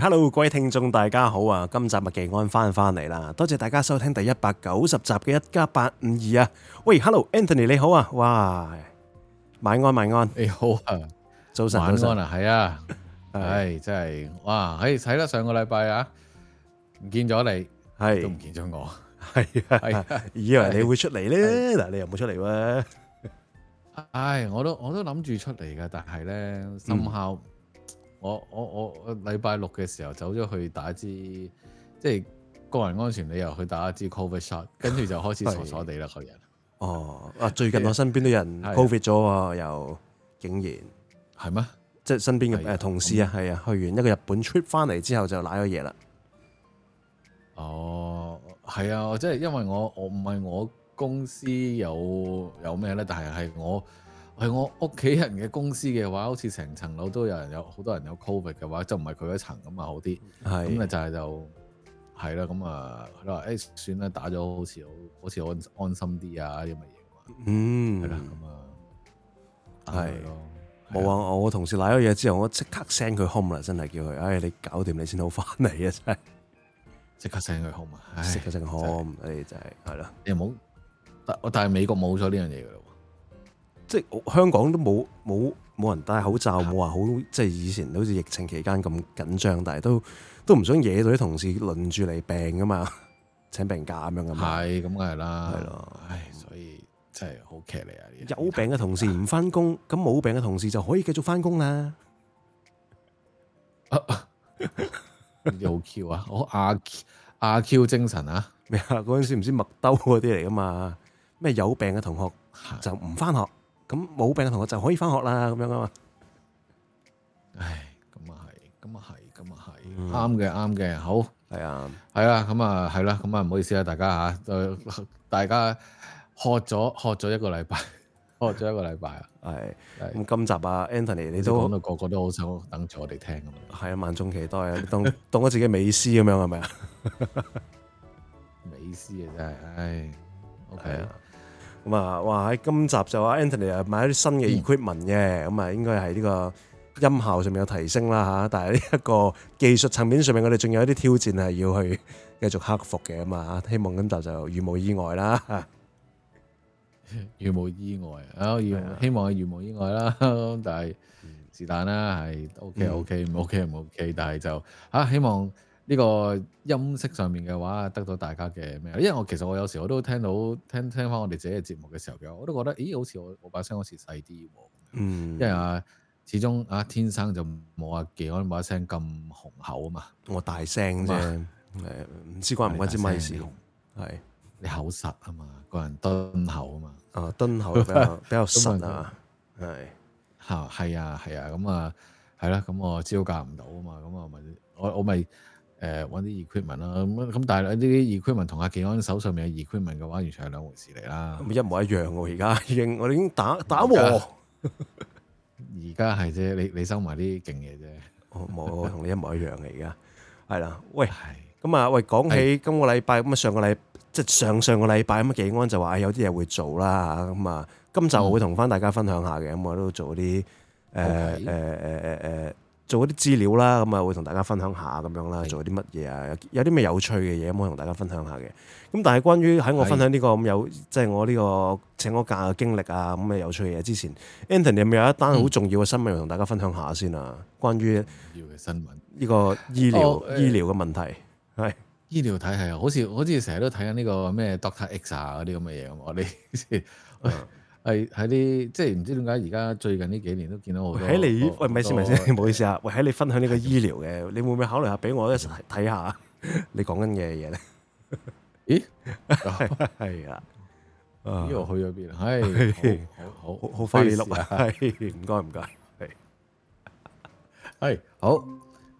Hello，各位聽眾，大家好啊！今集技安翻翻嚟啦，多謝大家收聽第一百九十集嘅一家八五二啊！喂，Hello，Anthony，你好啊！哇，晚安，晚安，你好啊，早晨，晚安啊，係啊，唉，真係，哇，唉，睇得上個禮拜啊，唔見咗你，係，都唔見咗我，係，係，以為你會出嚟咧，嗱，你又冇出嚟喎，唉，我都，我都諗住出嚟嘅，但係咧，生效。我我我我禮拜六嘅時候走咗去打一支，即係個人安全理由去打一支 COVID shot，跟住就開始傻傻地啦，佢人是。哦，啊，最近我身邊都有人 COVID 咗喎，的又竟然係咩？嗎即係身邊嘅的、啊、同事啊，係啊，去完一個日本 trip 翻嚟之後就瀨咗嘢啦。哦，係啊，即係因為我我唔係我公司有有咩咧，但係係我。係我屋企人嘅公司嘅話，好似成層樓都有人，有好多人有 Covid 嘅話，就唔係佢一層咁是、欸、啊，好啲。咁啊就係就係啦。咁啊，佢話誒算啦，打咗好似好似安安心啲啊啲乜嘢。嗯，係啦，咁啊，係咯是。冇啊了！我同事賴咗嘢之後，我即刻 send 佢 home 啦，真係叫佢。哎，你搞掂你先好返嚟啊！真係即刻 send 佢 home，即、哎、刻 send home、就是。哎就是、你就係係咯。你冇，但係美國冇咗呢樣嘢嘅。即係香港都冇冇冇人戴口罩，冇話好，即係以前好似疫情期間咁緊張，但係都都唔想惹到啲同事輪住嚟病噶嘛，請病假咁樣噶嘛，係咁係啦，係咯，唉，所以真係好騎呢啊，有病嘅同事唔翻工，咁冇病嘅同事就可以繼續翻工啦。好 Q 啊，我阿阿 Q 精神啊，咩啊？嗰陣時唔知麥兜嗰啲嚟噶嘛？咩有病嘅同學就唔翻學。咁冇病嘅同學就可以翻學啦，咁樣噶嘛？唉，咁啊係，咁啊係，咁啊係，啱嘅、嗯，啱嘅，好，係啊，係啊，咁啊，係啦，咁啊，唔好意思啊，大家嚇，誒，大家學咗學咗一個禮拜，學咗一個禮拜啊，係、啊，咁今集啊，Anthony 你都講到個個都好想等住我哋聽咁，係啊，萬眾期待啊，你當 當咗自己美斯咁樣係咪 啊？美斯啊真係，唉、哎，OK 啊。 咁啊，話喺今集就阿 Anthony 啊買一啲新嘅 equipment 嘅，咁啊應該係呢個音效上面有提升啦嚇，但係呢一個技術層面上面，我哋仲有一啲挑戰係要去繼續克服嘅啊嘛嚇，希望今集就如無意外啦，如無意外啊，預希望係如無意外啦，但係是但啦，係 OK OK 唔 OK 唔 OK，但係就嚇希望。呢個音色上面嘅話，得到大家嘅咩？因為我其實我有時我都聽到聽聽翻我哋自己嘅節目嘅時候嘅，我都覺得、欸，咦，好似我我把聲好似細啲喎。嗯。因為啊，始終啊，天生就冇阿技安把聲咁雄厚啊嘛、嗯。我大聲啫。誒、嗯，唔知關唔關啲米事？係。是是你口實啊嘛，個人敦厚啊嘛。啊，敦厚比較比較實啊。係 們。嚇係啊係啊，咁啊係啦，咁我招架唔到啊嘛，咁我咪我我咪。acht laisser effort 誒揾啲 equipment 啦，咁咁但係呢啲 equipment 同阿技安手上面嘅 equipment 嘅話，完全係兩回事嚟啦。咪一模一樣喎、啊！而家已經我哋已經打打和。而家係啫，你你收埋啲勁嘢啫。我冇同你一模一樣嚟、啊、家，係啦。 喂，咁啊，喂，講起今個禮拜咁啊，上個禮拜即係上上個禮拜咁啊，技安就話有啲嘢會做啦嚇，咁啊今集我會同翻大家分享下嘅，咁、嗯、我都做啲誒誒誒誒誒。做一啲資料啦，咁啊會同大家分享下咁樣啦，做啲乜嘢啊？有啲咩有趣嘅嘢，可可以同大家分享下嘅？咁但係關於喺我分享呢、呢個咁有，即係是的、嗯就是、我呢個請咗假嘅經歷啊，咁嘅有趣嘅嘢之前，Antony 有冇有一單好重要嘅新聞同大家分享下先啊？關於新聞，呢個醫療醫療嘅問題係醫療體系，好似好似成日都睇緊呢個咩 Doctor X 啊嗰啲咁嘅嘢我哋。 嗯係喺啲即係唔知點解而家最近呢幾年都見到我喺你喂，咪，係先，唔先，唔好意思啊！喂，喺你分享呢個醫療嘅，你會唔會考慮下俾我一齊睇下你講緊嘅嘢咧？咦？係啊！呢個去咗邊啊？係，好好好快呢粒啊！係，唔該唔該，係，係好，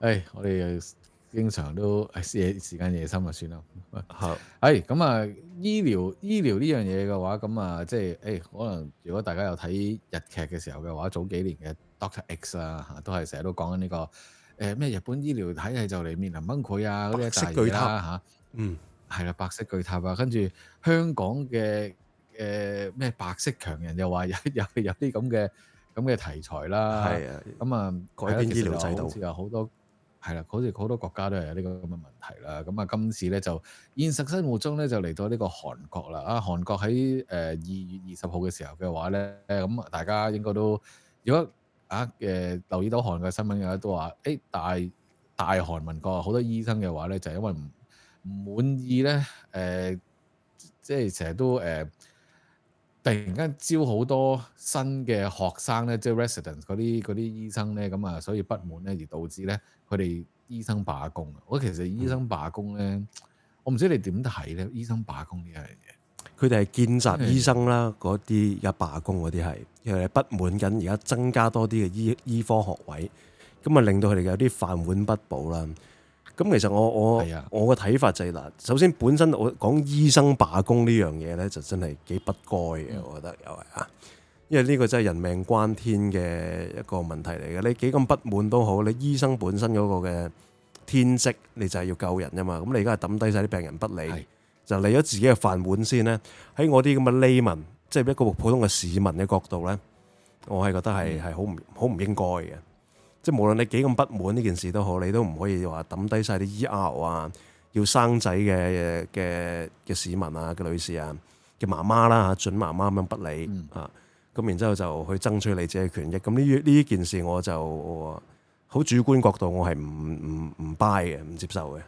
係我哋經常都嘢時間嘢三萬算咯。係，咁啊，醫療醫療呢樣嘢嘅話，咁啊、就是，即係，誒，可能如果大家有睇日劇嘅時候嘅話，早幾年嘅 Doctor X 啊，吓，都係成日都講緊呢個，誒、欸，咩日本醫療體系就嚟面臨崩潰啊，嗰啲白色巨塔吓，啊、嗯，係啦，白色巨塔啊，跟住香港嘅，誒、呃，咩白色強人又話又有啲咁嘅咁嘅題材啦，係啊，咁的啊，改變醫療制度。好多、嗯。係啦，好似好多國家都係有呢個咁嘅問題啦。咁、嗯、啊，今次咧就現實生活中咧就嚟到呢個韓國啦。啊，韓國喺誒二月二十號嘅時候嘅話咧，咁、嗯、大家應該都如果啊誒、呃、留意到韓國新聞嘅話，都話誒、欸、大大韓民國好多醫生嘅話咧，就係、是、因為唔滿意咧誒、呃，即係成日都誒、呃、突然間招好多新嘅學生咧，即係 resident 嗰啲嗰啲醫生咧，咁、嗯、啊所以不滿咧而導致咧。佢哋醫生罷工。我其實醫生罷工咧，我唔知你點睇咧？醫生罷工呢樣嘢，佢哋係見習醫生啦，嗰啲而家罷工嗰啲係，因為不滿緊而家增加多啲嘅醫醫科學位，咁啊令到佢哋有啲飯碗不保啦。咁其實我我我個睇法就係、係、嗱，首先本身我講醫生罷工呢樣嘢咧，就真係幾不該嘅，我覺得又係啊。因為呢個真係人命關天嘅一個問題嚟嘅，你幾咁不滿都好，你醫生本身嗰個嘅天職，你就係要救人㗎嘛。咁你而家係抌低晒啲病人不理，是就嚟咗自己嘅飯碗先呢。喺我啲咁嘅 layman，即係一個普通嘅市民嘅角度呢，我係覺得係係好唔好唔應該嘅。即係無論你幾咁不滿呢件事都好，你都唔可以話抌低晒啲 ER 啊，要生仔嘅嘅嘅市民啊嘅女士啊嘅媽媽啦準媽媽咁樣不理啊。嗯咁然之後就去爭取你自己嘅權益。咁呢呢件事我就好主觀角度我，我係唔唔唔 buy 嘅，唔接受嘅。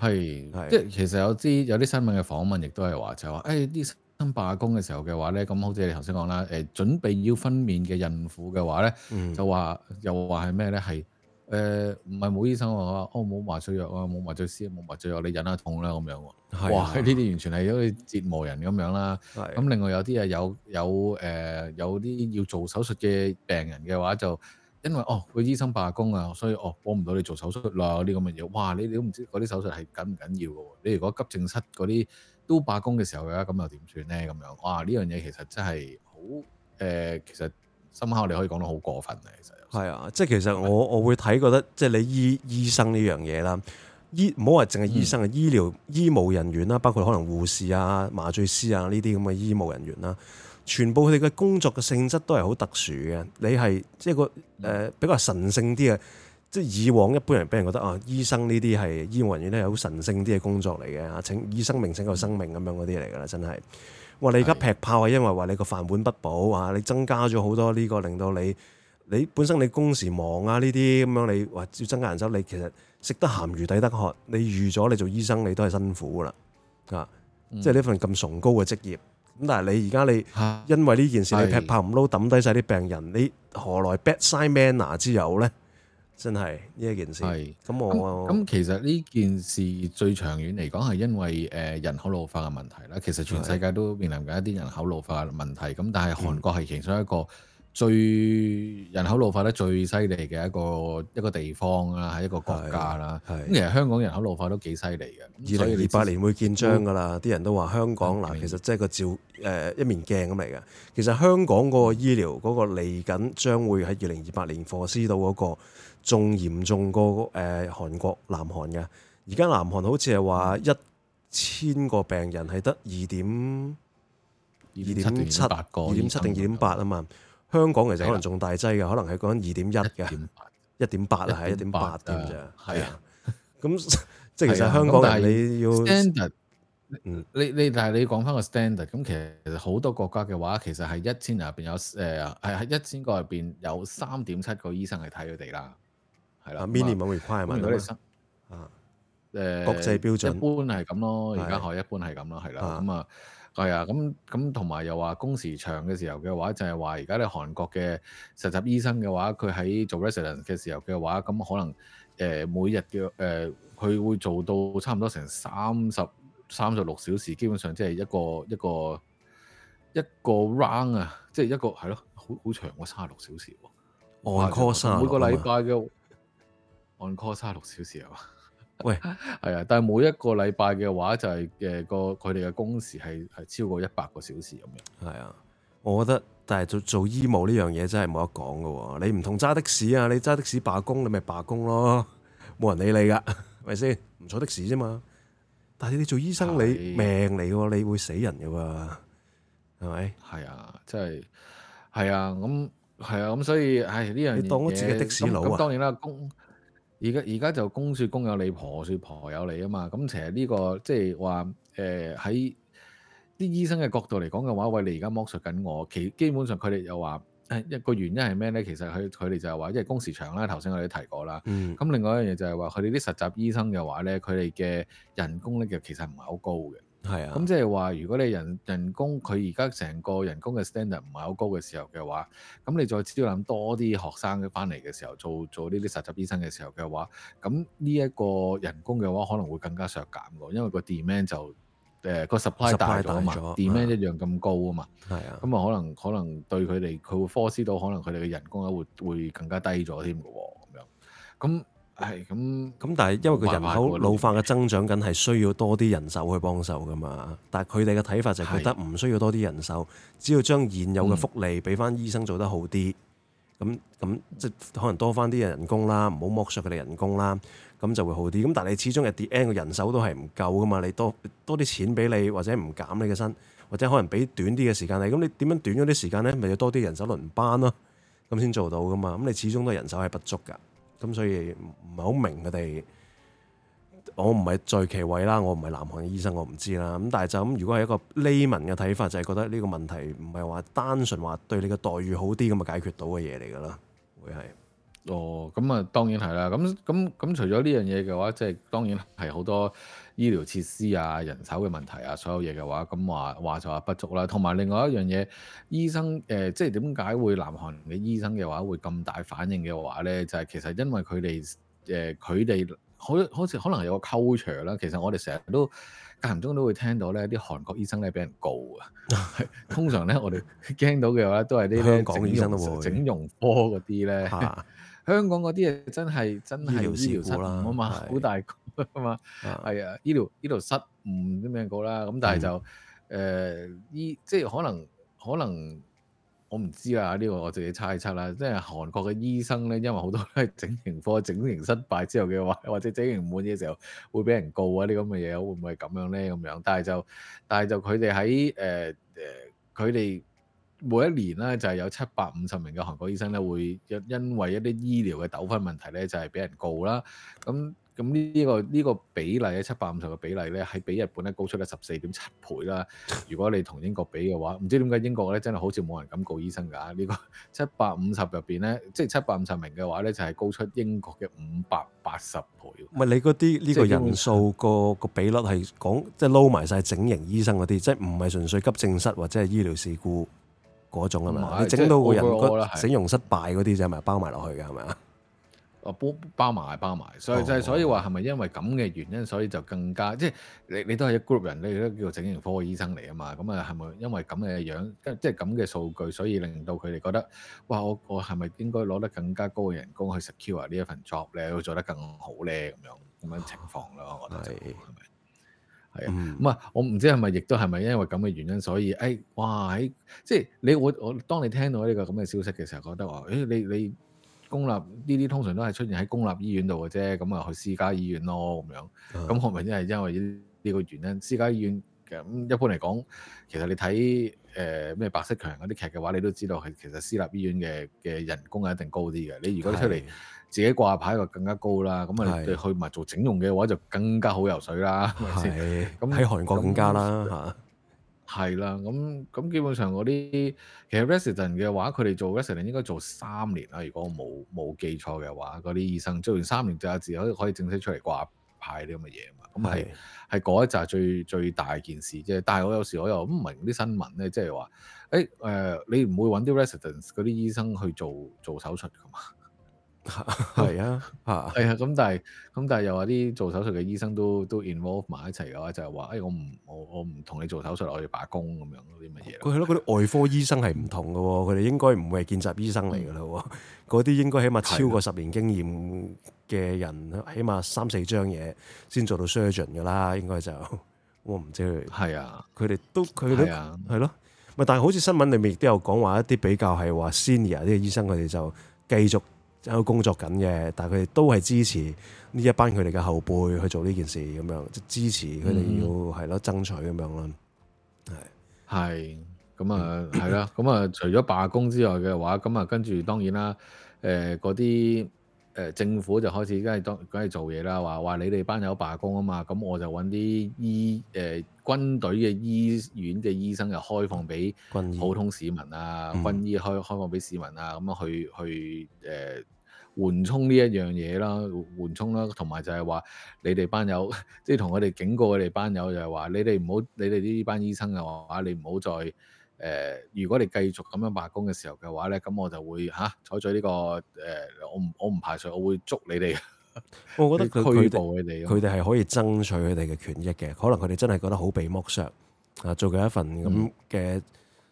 係，即係是是其實有啲有啲新聞嘅訪問，亦都係話就話哎、話，誒啲新罷工嘅時候嘅話咧，咁好似你頭先講啦，誒準備要分娩嘅孕婦嘅話咧，嗯、就話又話係咩咧？係。誒唔係冇醫生話、啊，我、哦、冇麻醉藥啊，冇麻醉師、啊，冇麻醉藥、啊，你忍下痛啦、啊、咁樣喎、啊。是啊、哇！呢啲完全係好似折磨人咁樣啦、啊。咁是、啊、另外有啲啊，有有誒，有啲、呃、要做手術嘅病人嘅話就，就因為哦，佢醫生罷工啊，所以哦幫唔到你做手術啦、啊，啲咁嘅嘢。哇！你你都唔知嗰啲手術係緊唔緊要嘅喎、啊。你如果急症室嗰啲都罷工嘅時候嘅話，咁又點算咧？咁樣、啊、哇！呢樣嘢其實真係好誒，其實深刻，你可以講到好過分啊，其實。係啊，即係其實我我會睇覺得，即係你醫醫生呢樣嘢啦，醫唔好話淨係醫生啊，嗯、醫療醫務人員啦，包括可能護士啊、麻醉師啊呢啲咁嘅醫務人員啦，全部佢哋嘅工作嘅性質都係好特殊嘅。你係即係個誒、呃，比較神聖啲嘅，即係以往一般人俾人覺得啊，醫生呢啲係醫務人員咧係好神聖啲嘅工作嚟嘅吓，請以生命拯救生命咁樣嗰啲嚟噶啦，真係。哇！你而家劈炮啊，因為話你個飯碗不保啊，你增加咗好多呢、這個令到你。你本身你工時忙啊，呢啲咁樣你話要增加人手，你其實食得鹹魚抵得渴。你預咗你做醫生，你都係辛苦噶啦，啊、嗯！即係呢份咁崇高嘅職業。咁但係你而家你因為呢件事、啊、你劈炮唔撈抌低晒啲病人，你何來 bedside manner 之有呢？真係呢一件事。咁是我咁那我其實呢件事最長遠嚟講係因為誒人口老化嘅問題啦。其實全世界都面臨緊一啲人口老化嘅問題。咁但係韓國係其中一個、嗯。最人口老化得最犀利嘅一個一個地方啦，喺一個國家啦。咁其實香港人口老化都幾犀利嘅。二零二八年會見張噶啦，啲、哦、人都話香港嗱，嗯、其實即係個照誒、呃、一面鏡咁嚟嘅。其實香港嗰個醫療嗰、嗰個嚟緊將會喺二零二八年霍斯到嗰個仲嚴重過誒韓國南韓嘅。而家南韓好似係話一千個病人係得二點二、嗯、點七個，二點七定二點八啊嘛。香港其實可能仲大劑嘅，可能係講二點一嘅，一點八啊，係一點八點啫，係啊。咁即係其實香港人你要 standard 你你但係你講翻個 standard 咁其實好多國家嘅話，其實係一千入邊有誒係喺一千個入邊有三點七個醫生係睇佢哋啦，係啦。Minimum requirement 啊，誒國際標準一般係咁咯，而家我一般係咁咯，係啦，咁啊。係啊，咁咁同埋又話工時長嘅時候嘅話，就係話而家咧韓國嘅實習醫生嘅話，佢喺做 resident 嘅時候嘅話，咁可能誒、呃、每日嘅誒佢會做到差唔多成三十三十六小時，基本上即係一個一個一個 round 啊，即、就、係、係、一個係咯，好好長嘅三十六小時喎，on call 三個每個禮拜嘅 on call 三十六小時啊！on call. 喂，係啊，但係每一個禮拜嘅話就係誒個佢哋嘅工時係係超過一百個小時咁樣。係啊，我覺得但係做做醫務呢樣嘢真係冇得講噶。你唔同揸的士啊，你揸的士罷工你咪罷工咯，冇人理你噶，係咪先？唔坐的士啫嘛。但係你做醫生，啊，你命嚟噶，你會死人噶，係咪？係啊，真係係啊，咁係啊，咁所以唉呢樣嘢。你當咗自己的士佬，啊，咁當然啦，工。而家而家就公説公有理，婆説婆有理啊嘛。咁其實呢、這個即係、就是呃、話，誒喺啲醫生嘅角度嚟講嘅話，喂，你而家剝削緊我。其基本上佢哋又話，誒、呃、一個原因係咩咧？其實佢佢哋就係話，因為工時長啦，頭先我哋都提過啦。咁、嗯、另外一樣嘢就係話，佢哋啲實習醫生嘅話咧，佢哋嘅人工咧就其實唔係好高嘅。係啊，咁即係話，如果你人人工佢而家成個人工嘅 standard 唔係好高嘅時候嘅話，咁你再招攬多啲學生嘅翻嚟嘅時候，做做呢啲實習醫生嘅時候嘅話，咁呢一個人工嘅話可能會更加削減㗎，因為個 demand 就誒個、呃、supply 大咗啊嘛，demand 一樣咁高啊嘛，係啊，咁啊可能可能對佢哋佢會 force 到可能佢哋嘅人工啊會會更加低咗添㗎喎，咁樣，咁、嗯。係咁，咁但係因為個人口老化嘅增長緊係需要多啲人手去幫手噶嘛。但係佢哋嘅睇法就係覺得唔需要多啲人手，的只要將現有嘅福利俾翻醫生做得好啲。咁咁、嗯、即係可能多翻啲人工啦，唔好剝削佢哋人工啦。咁就會好啲。咁但係你始終嘅 D N 嘅人手都係唔夠噶嘛。你多多啲錢俾你，或者唔減你嘅薪，或者可能俾短啲嘅時間你。咁你點樣短咗啲時間咧？咪要多啲人手輪班咯。咁先做到噶嘛。咁你始終都係人手係不足噶。咁、嗯、所以唔唔係好明佢哋，我唔係在其位啦，我唔係南韓嘅醫生，我唔知啦。咁但係就咁，如果係一個 layman 嘅睇法，就係、是、覺得呢個問題唔係話單純話對你嘅待遇好啲咁啊解決到嘅嘢嚟噶啦，會係。哦，咁啊，當然係啦。咁咁咁，除咗呢樣嘢嘅話，即係當然係好多。醫療設施啊、人手嘅問題啊、所有嘢嘅話，咁話話就話不足啦。同埋另外一樣嘢，醫生誒、呃，即係點解會南韓嘅醫生嘅話會咁大反應嘅話咧？就係、是、其實因為佢哋誒，佢、呃、哋好好似可能有個 culture 啦。其實我哋成日都間中都會聽到咧，啲韓國醫生咧俾人告啊。 通常咧，我哋驚到嘅話都係啲香港醫生整容科嗰啲咧。 香港嗰啲嘢真係真係醫療好嘛，好大個啊嘛，係啊，醫療醫療失誤啲咩個啦，咁但係就誒、嗯呃、醫即係可能可能我唔知啊，呢、這個我自己猜測啦，即係韓國嘅醫生咧，因為好多都係整形科，整形失敗之後嘅話，或者整形滿嘅時候會俾人告啊，啲咁嘅嘢會唔會咁樣咧？咁樣，但係就但係就佢哋喺誒誒佢哋。呃每一年咧就係、是、有七百五十名嘅韓國醫生咧會因因為一啲醫療嘅糾紛問題咧就係、是、俾人告啦，咁咁呢個呢、這個比例咧七百五十嘅比例咧係比日本咧高出咗十四點七倍啦。如果你同英國比嘅話，唔知點解英國咧真係好似冇人敢告醫生㗎、這個、呢個七百五十入邊咧，即係七百五十名嘅話咧就係、是、高出英國嘅五百八十倍。唔係你嗰啲呢個人數個、那個比率係講即係撈埋晒整形醫生嗰啲，即係唔係純粹急症室或者係醫療事故？嗰種啊嘛，整、就是、到個人整容失敗嗰啲就係咪包埋落去嘅係咪啊？哦，包埋係包埋，所以就所以話係咪因為咁嘅原因，所以就更加即係、就是、你你都係一 group 人，你都叫做整形科嘅醫生嚟啊嘛。咁啊係咪因為咁嘅樣，即係咁嘅數據，所以令到佢哋覺得哇，我我係咪應該攞得更加高嘅人工去 secure 呢一份 job 咧，會做得更好咧咁樣咁樣情況咯？我覺得就係。係啊，咁啊、嗯，我唔知係咪亦都係咪因為咁嘅原因，所以誒，哇，即係你我我，當你聽到呢個咁嘅消息嘅時候，覺得話誒、欸，你你公立呢啲通常都係出現喺公立醫院度嘅啫，咁啊去私家醫院咯咁樣，咁可唔可以係因為呢個原因？私家醫院。咁一般嚟講，其實你睇誒咩白色強人嗰啲劇嘅話，你都知道係其實私立醫院嘅嘅人工係一定高啲嘅。是你如果出嚟自己掛牌就更加高啦。咁啊是，你去埋做整容嘅話就更加好游水啦。咁喺韓國更加啦嚇。係啦、啊，咁咁基本上嗰啲其實 resident 嘅話，佢哋做 resident 應該做三年啦。如果我冇冇記錯嘅話，嗰啲醫生做完三年就有資格可以正式出嚟掛。派啲咁嘅嘢嘛，咁係係嗰一紮最最大件事啫。但係我有時我又唔明啲新聞咧，即係話，誒、欸、誒、呃，你唔會揾啲 resident 嗰啲醫生去做做手術噶嘛？係 啊，係 啊。咁、啊啊、但係咁但係又話啲做手術嘅醫生都都 involve 埋一齊嘅話，就係、是、話，誒、欸，我唔我我唔同你做手術，我要罷工咁樣嗰啲乜嘢？佢係咯，嗰啲、啊、外科醫生係唔同嘅喎，佢哋應該唔會係見習醫生嚟嘅啦。喎、啊，嗰啲 應該起碼超過十年經驗是、啊。嘅人起碼三四張嘢先做到 surgeon 噶啦，應該就我唔知佢係啊，佢哋都佢哋，係咯，咪、啊、但係好似新聞裏面亦都有講話一啲比較係話 senior 啲醫生佢哋就繼續喺度工作緊嘅，但係佢哋都係支持呢一班佢哋嘅後輩去做呢件事咁樣，即支持佢哋要係咯、嗯、爭取咁樣咯，係係咁啊，係啦，咁啊， 除咗罷工之外嘅話，咁啊跟住當然啦，誒嗰啲。誒、呃、政府就開始梗係當梗係做嘢啦，話話你哋班友罷工啊嘛，咁我就搵啲醫誒、呃、軍隊嘅醫院嘅醫生又開放俾普通市民啊，軍醫，軍醫開開放俾市民啊，咁樣去去誒、呃、緩衝呢一樣嘢啦，緩衝啦，同埋就係話你哋班友即係同我哋警告我哋班友，就係話你哋唔好，你哋呢班醫生又話你唔好再。誒，如果你繼續咁樣罷工嘅時候嘅話咧，咁我就會嚇採取呢個誒、呃，我唔我唔排除我會捉你哋。 你我覺得佢哋，佢哋係可以爭取佢哋嘅權益嘅。可能佢哋真係覺得好被剝削啊，做緊一份咁嘅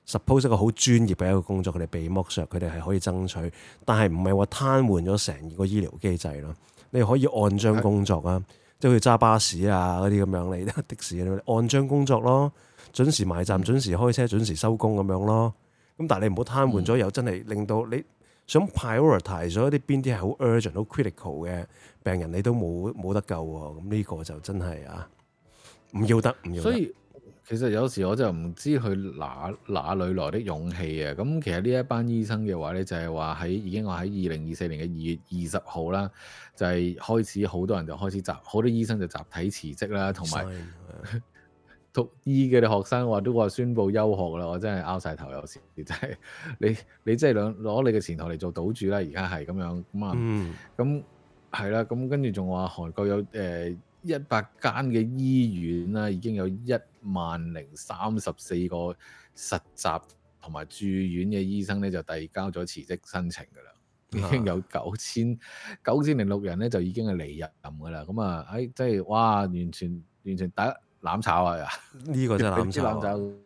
suppose 一個好專業嘅一個工作，佢哋被剝削，佢哋係可以爭取，但係唔係話癱瘓咗成個醫療機制咯？你可以按章工作啊，即係去揸巴士啊嗰啲咁樣嚟的,的士你按章工作咯。準時埋站，準時開車，準時收工咁樣咯。咁但係你唔好癱瘓咗，嗯、又真係令到你想 prioritise 咗啲邊啲係好 urgent、好 critical 嘅病人，你都冇冇得救喎。咁呢個就真係啊，唔要得，唔要得。所以其實有時我就唔知佢哪哪裏來的勇氣啊。咁其實呢一班醫生嘅話呢，就係話喺已經話喺二零二四年嘅二月二十號啦，就係、是、開始好多人就開始集，好多醫生就集體辭職啦，同埋。讀醫嘅啲學生話都話宣佈休學啦，我真係拗晒頭，有時真、就、係、是、你你真係攞你嘅前途嚟做賭注啦，而家係咁樣咁啊，咁係啦，咁、嗯嗯、跟住仲話韓國有誒一百間嘅醫院啦，已經有一萬零三十四個實習同埋住院嘅醫生咧，就遞交咗辭職申請噶啦，已經有九千九千零六人咧，就已經係離任咁噶啦，咁啊誒，真係哇，完全完全大～攬炒啊！呢個真係攬炒。炒炒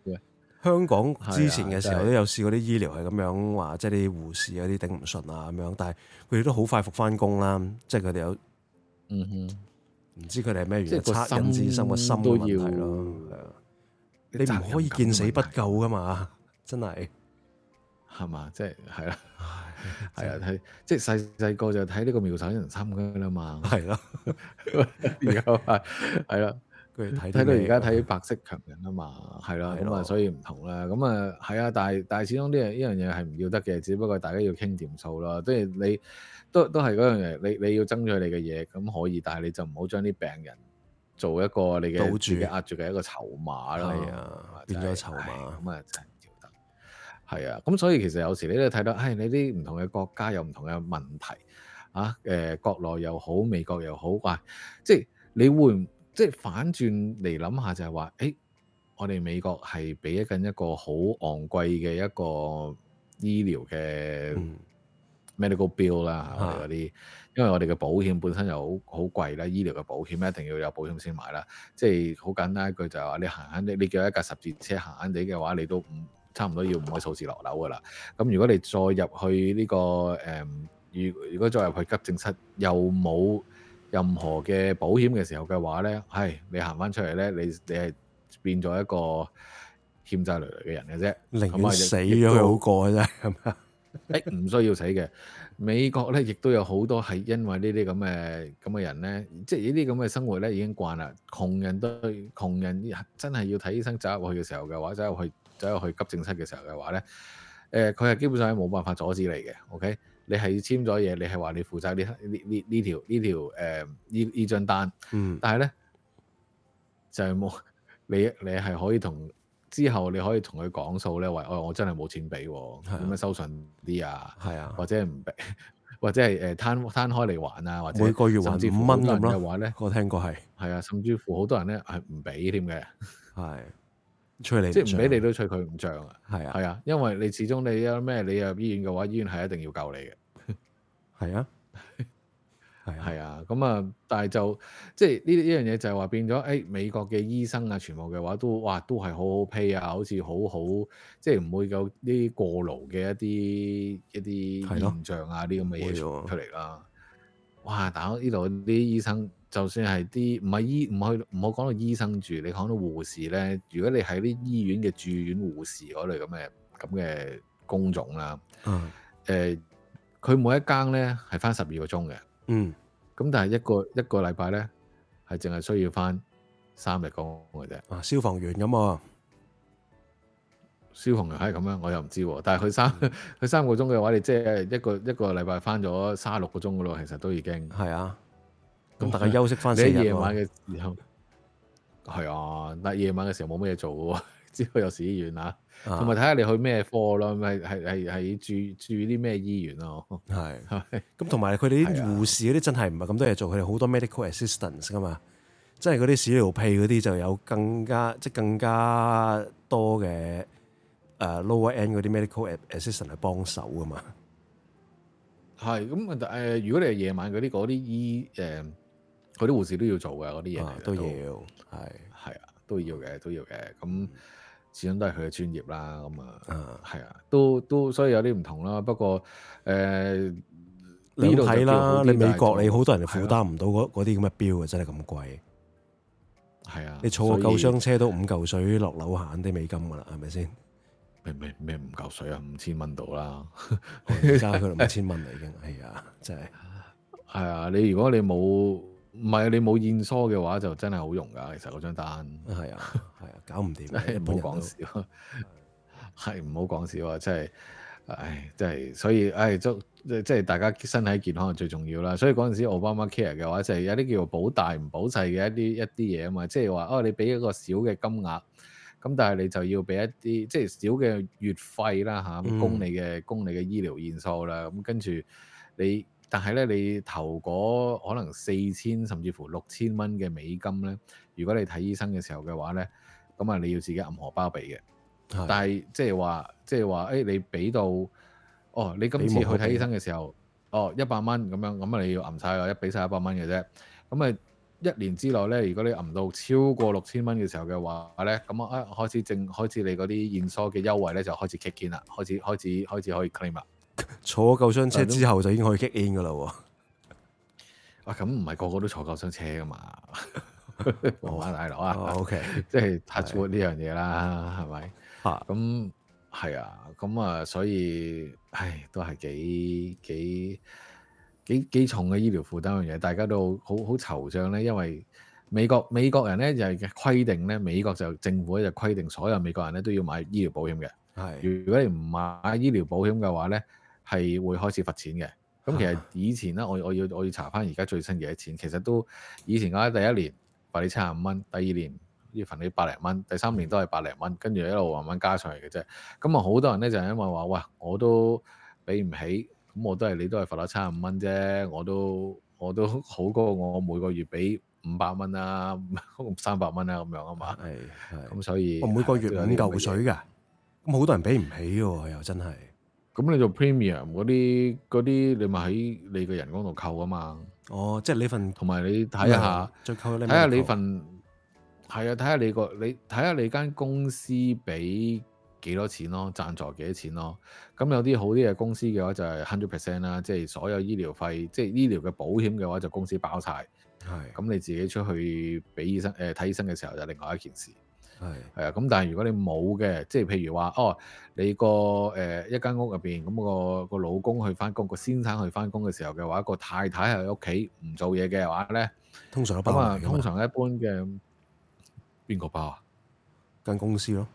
香港之前嘅時候都有試過啲醫療係咁樣話的，即係啲護士有啲頂唔順啊咁樣，但係佢哋都好快復翻工啦。即係佢哋有，嗯哼，唔知佢哋係咩原因，惻隱之心個心嘅都要。問題咯。你唔可以見死不救噶嘛？真係係嘛？即係係啦，係、就、啊、是，係即係細細個就睇呢個妙手仁心噶啦嘛。係 咯，然後係係咯。 睇睇到而家睇白色強人啊嘛，係啦、嗯，咁啊、嗯、所以唔同啦，咁啊係啊，但係但係始終呢樣呢樣嘢係唔要得嘅，只不過大家要傾掂數啦，即係你都都係嗰樣嘢，你你要爭取你嘅嘢咁可以，但係你就唔好將啲病人做一個你嘅住嘅、壓住嘅一個籌碼啦，係啊、變咗籌碼，咁啊、哎、真係唔要得。係啊，咁所以其實有時你都睇到，唉、哎，你啲唔同嘅國家有唔同嘅問題啊，誒、呃、國內又好，美國又好，哇、啊，即係你會。 即係反轉嚟諗下就，就係話，誒，我哋美國係俾緊一個好昂貴嘅一個醫療嘅 medical bill 啦，嚇嗰啲，因為我哋嘅保險本身又好好貴啦，醫療嘅保險一定要有保險先買啦。即係好簡單一句就係話，你閒閒哋，你叫一架十字車閒閒哋嘅話，你都唔差唔多要五位數字落樓㗎啦。咁如果你再入去呢、呢個誒，如、嗯、如果再入去急症室又冇任何嘅保險嘅時候嘅話咧，係你行翻出嚟咧，你你係變咗一個欠債累累嘅人嘅啫，寧願死咗佢好過嘅啫，咁啊，誒，唔需要死嘅。美國咧亦都有好多係因為呢啲咁嘅咁嘅人咧，即係呢啲咁嘅生活咧已經慣啦。窮人都窮人真係要睇醫生走入去嘅時候嘅話，走入去走入去急症室嘅時候嘅話咧，誒，佢係基本上係冇辦法阻止你嘅，OK。你係簽咗嘢，你係話你負責呢呢呢呢條呢條誒呢呢張單，嗯，但係咧就係、是、冇你你係可以同之後你可以同佢講數咧，話哦、哎、我真係冇錢俾，點樣、啊、收信啲啊？係啊，或者唔俾、呃，或者係誒攤攤開嚟還啊，或者每個月還五蚊咁咯？話咧，我聽過係係啊，甚至乎好多人咧係唔俾添嘅，係，催你即係唔俾你都催佢唔漲啊，係啊，係啊，因為你始終你有咩你入醫院嘅話，醫院係一定要救你嘅。係啊，係啊，係啊，咁啊，但係就即係呢呢樣嘢就係話變咗，誒、哎，美國嘅醫生啊，全部嘅話都，哇，都係好好 pay 啊，好似好好，即係唔會有啲過勞嘅一啲一啲現象啊，呢啲咁嘅嘢出嚟啦。啊、哇！大佬，呢度啲醫生，就算係啲唔係醫唔去唔好講到醫生住，你講到護士咧，如果你喺啲醫院嘅住院護士嗰類咁嘅咁嘅工種啦，誒、嗯。呃佢每一更咧係翻十二個鐘嘅，嗯，咁但係一個一個禮拜咧係淨係需要翻三日工嘅啫。啊，消防員咁啊，消防員係咁樣，我又唔知喎。但係佢三佢、嗯、三個鐘嘅話，你即係一個一個禮拜翻咗三十六個鐘嘅咯，其實都已經。係啊，咁大家休息翻四喺夜、啊、晚嘅時候，係 啊，但係夜晚嘅時候冇乜嘢做喎，只 可有入市醫院啊。同埋睇下你去咩科咯，咪係係係要注注意啲咩醫院咯？係是，咁同埋佢哋啲護士嗰啲真係唔係咁多嘢做，佢哋好多 medical assistance 噶嘛，即係嗰啲屎尿屁嗰啲就有更加即係更加多嘅誒、uh, lower end 嗰啲 medical assistant 去幫手噶嘛。係，咁誒，如果你係夜晚嗰啲嗰啲醫誒，啲、呃、護士都要做嘅嗰啲嘢，都要，係係啊，都要嘅，都要嘅咁。始終都係佢嘅專業啦，咁啊，係啊，都都所以有啲唔同啦。不過誒，你睇啦，你美國你好多人負擔唔到嗰啲咁嘅標啊，真係咁貴。係啊，你坐個救傷車都五嚿水落樓下，啲美金㗎啦，係咪先？咩咩咩五嚿水啊？五千蚊度啦，加佢五千蚊嚟已經。哎呀，真係係啊！你如果你冇。唔係你冇現收嘅話，就真係好用噶。其實嗰張單係啊，係啊，啊，搞唔掂。唔好講笑。係唔好講笑啊！真係，唉，真係，所以唉，祝即係大家身體健康最重要啦。所以嗰陣時，奧巴馬 care 嘅話，就係、是、有啲叫做保大唔保細嘅一啲一啲嘢啊嘛。即係話哦，你俾一個小嘅金額，咁但係你就要俾一啲即係少嘅月費啦嚇、啊，供你嘅、嗯、供你嘅醫療現收啦。咁、啊、跟住你。你但係咧，你投嗰可能四千甚至乎六千蚊嘅美金咧，如果你睇醫生嘅時候嘅話咧，咁啊你要自己揼荷包俾嘅。的但係即係話，即係話，誒、欸、你俾到，哦你今次去睇醫生嘅時候，哦一百蚊咁樣，咁啊你要揞晒啦，一俾晒一百蚊嘅啫。咁啊一年之內咧，如果你揼到超過六千蚊嘅時候嘅話咧，咁啊開始正開始你嗰啲現所嘅優惠咧就開始 kick in 啦，開始開始開始可以 claim 啦。坐救護車之後就已經可以 kick in 噶啦，哇、啊！咁唔係個個都坐救護車噶嘛？豪 華大佬啊、oh,，OK，即係 touch wood 呢樣嘢啦，係咪？吓，咁係啊，咁啊、嗯，所以唉，都係幾幾幾幾重嘅醫療負擔嘅嘢，大家都好好惆悵咧。因為美國美國人咧就係、是、規定咧，美國就政府咧就規定所有美國人咧都要買醫療保險嘅。係是如果你唔買醫療保險嘅話咧。係會開始罰錢嘅，咁其實以前咧，我我要我要查翻而家最新嘅錢，其實都以前啊，第一年罰你七十五蚊，第二年要罰你百零蚊，第三年都係百零蚊，跟住一路慢慢加上嚟嘅啫。咁啊，好多人咧就係、是、因為話，哇，我都俾唔起，咁我都係你都係罰我七十五蚊啫，我都我都好過我每個月俾五百蚊啊，三百蚊啊咁樣啊嘛。係，咁所以我每個月兩嚿水㗎，咁好多人俾唔起喎、啊，又真係。咁你做 premium 嗰啲啲，你咪喺你嘅人工度扣啊嘛。哦，即係你份，同埋你睇下，再扣，扣。睇下你睇下你份，係啊，睇下你個，你睇下你間公司俾幾多錢咯，贊助幾多錢咯。咁有啲好啲嘅公司嘅話，就係 hundred percent 啦，即係所有醫療費，即係醫療嘅保險嘅話，就公司包晒。係的。咁你自己出去俾醫生，誒、呃、睇醫生嘅時候就另外一件事。係係啊，咁但係如果你冇嘅，即係譬如話哦，你個誒、呃、一間屋入邊，咁、那個個老公去翻工，個先生去翻工嘅時候嘅話，個太太喺屋企唔做嘢嘅話咧、啊，通常都包通常一般嘅邊個包啊？間公司咯，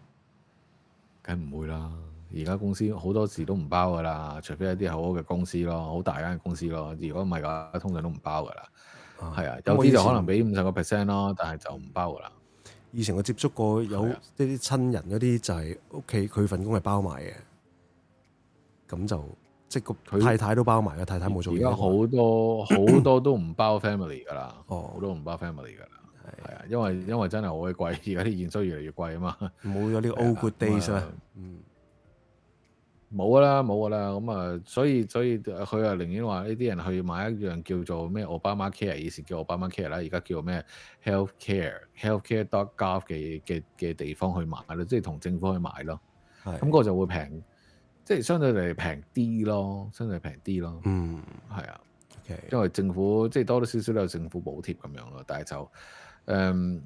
梗唔會啦。而家公司好多時都唔包噶啦，除非一啲好嘅公司咯，好大間嘅公司咯。如果唔係嘅，通常都唔包噶啦。係啊，有啲就可能俾五十個 percent 咯，但係就唔包噶啦。以前我接觸過有啲親人嗰啲就係屋企佢份工係包埋嘅，咁就即係個太太都包埋，個太太冇做。而家好多好多都唔包 family 噶啦，哦、好多唔包 family 噶啦，係啊的的，因為因為真係好鬼貴，而家啲現收越嚟越貴啊嘛，冇咗呢個 old good days 啦的，的嗯。冇啦，冇啦，咁啊、嗯，所以所以佢啊，寧願話呢啲人去買一樣叫做咩，奧巴馬 care 以前叫奧巴馬 care 啦，而家叫咩 health care health care dot gov 嘅嘅嘅地方去買咯，即係同政府去買咯，咁個的就會平，即係相對嚟平啲咯，相對平啲咯，嗯，係啊的，Okay. 因為政府即係多多少少都有政府補貼咁樣咯，但係就誒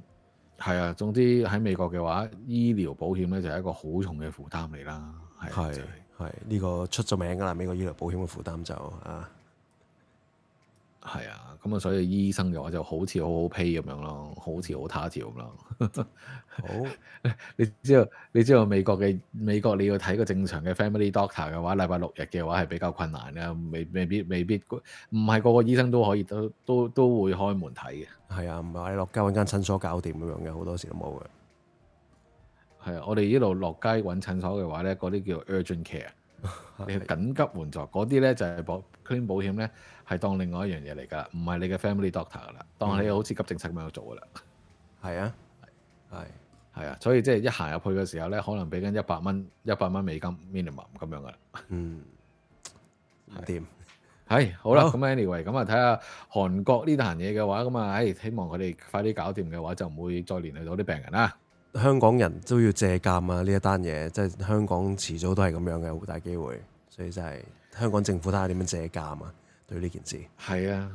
係啊，總之喺美國嘅話，醫療保險咧就係一個好重嘅負擔嚟啦，係。的係呢個出咗名噶啦，美國醫療保險嘅負擔就啊，係啊，咁啊，所以醫生嘅話就好似好好 pay 咁樣咯，好似好他條咁咯。 好， 你知道你知道美國嘅美國你要睇個正常嘅 family doctor 嘅話，禮拜六日嘅話係比較困難啊。未必未必未必唔係個個醫生都可以都都都會開門睇嘅。係啊，唔係你落街揾間診所搞掂咁樣嘅，好多時都冇嘅。係，我哋依度落街揾診所嘅話呢，嗰啲叫 urgent care，緊急援助嗰啲 是呢，就係 claim 保險呢係當另外一樣嘢嚟㗎，唔係你嘅 family doctor 㗎啦，當你好似急症室咁樣做㗎啦。係、嗯、啊，係，係啊，所以即係一行入去嘅時候呢，可能俾緊一百蚊，一百蚊美金 minimum 咁樣㗎啦。嗯，掂，係是 好啦，咁 anyway，咁啊睇下韓國呢單嘢嘅話，咁、哎、啊，希望佢哋快啲搞掂嘅話，就唔會再連累到啲病人啦。香港人都要借鑑啊！呢一單嘢，即係香港遲早都係咁樣嘅，好大機會，所以就係、是、香港政府睇下點樣借鑑啊！對呢件事係啊，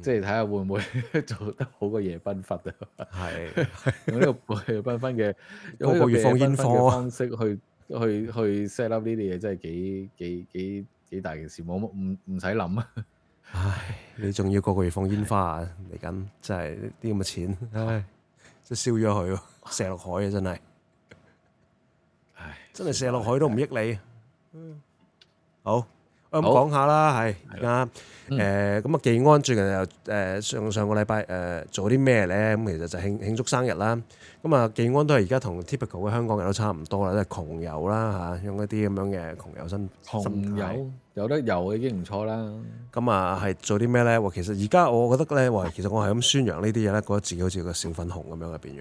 即係睇下會唔會 做得好過夜繽紛啊？係是 用呢個夜繽紛嘅個個月放煙火嘅方式去 去去 set up 呢啲嘢，真係幾幾幾幾大件事，冇乜唔唔使諗啊！ 唉，你仲要個個月放煙花啊？嚟緊真係啲咁嘅錢，唉。即係燒咗佢喎，射落海啊！真係， 唉真係射落海都唔益你。 好。咁講好下啦，係啊，誒咁啊，技安、嗯、最近又誒上上個禮拜誒做啲咩咧？咁其實就慶慶祝生日啦。咁啊，技安都係而家同 typical 嘅香港人都差唔多啦，即、就、係、是、窮遊啦嚇，用一啲咁樣嘅窮遊身。窮遊友靠有得遊已經唔錯啦。咁、嗯、啊，係做啲咩咧？其實而家我覺得咧，喂，其實我係咁宣揚呢啲嘢咧，覺得自己好似個小粉紅咁樣嘅變咗。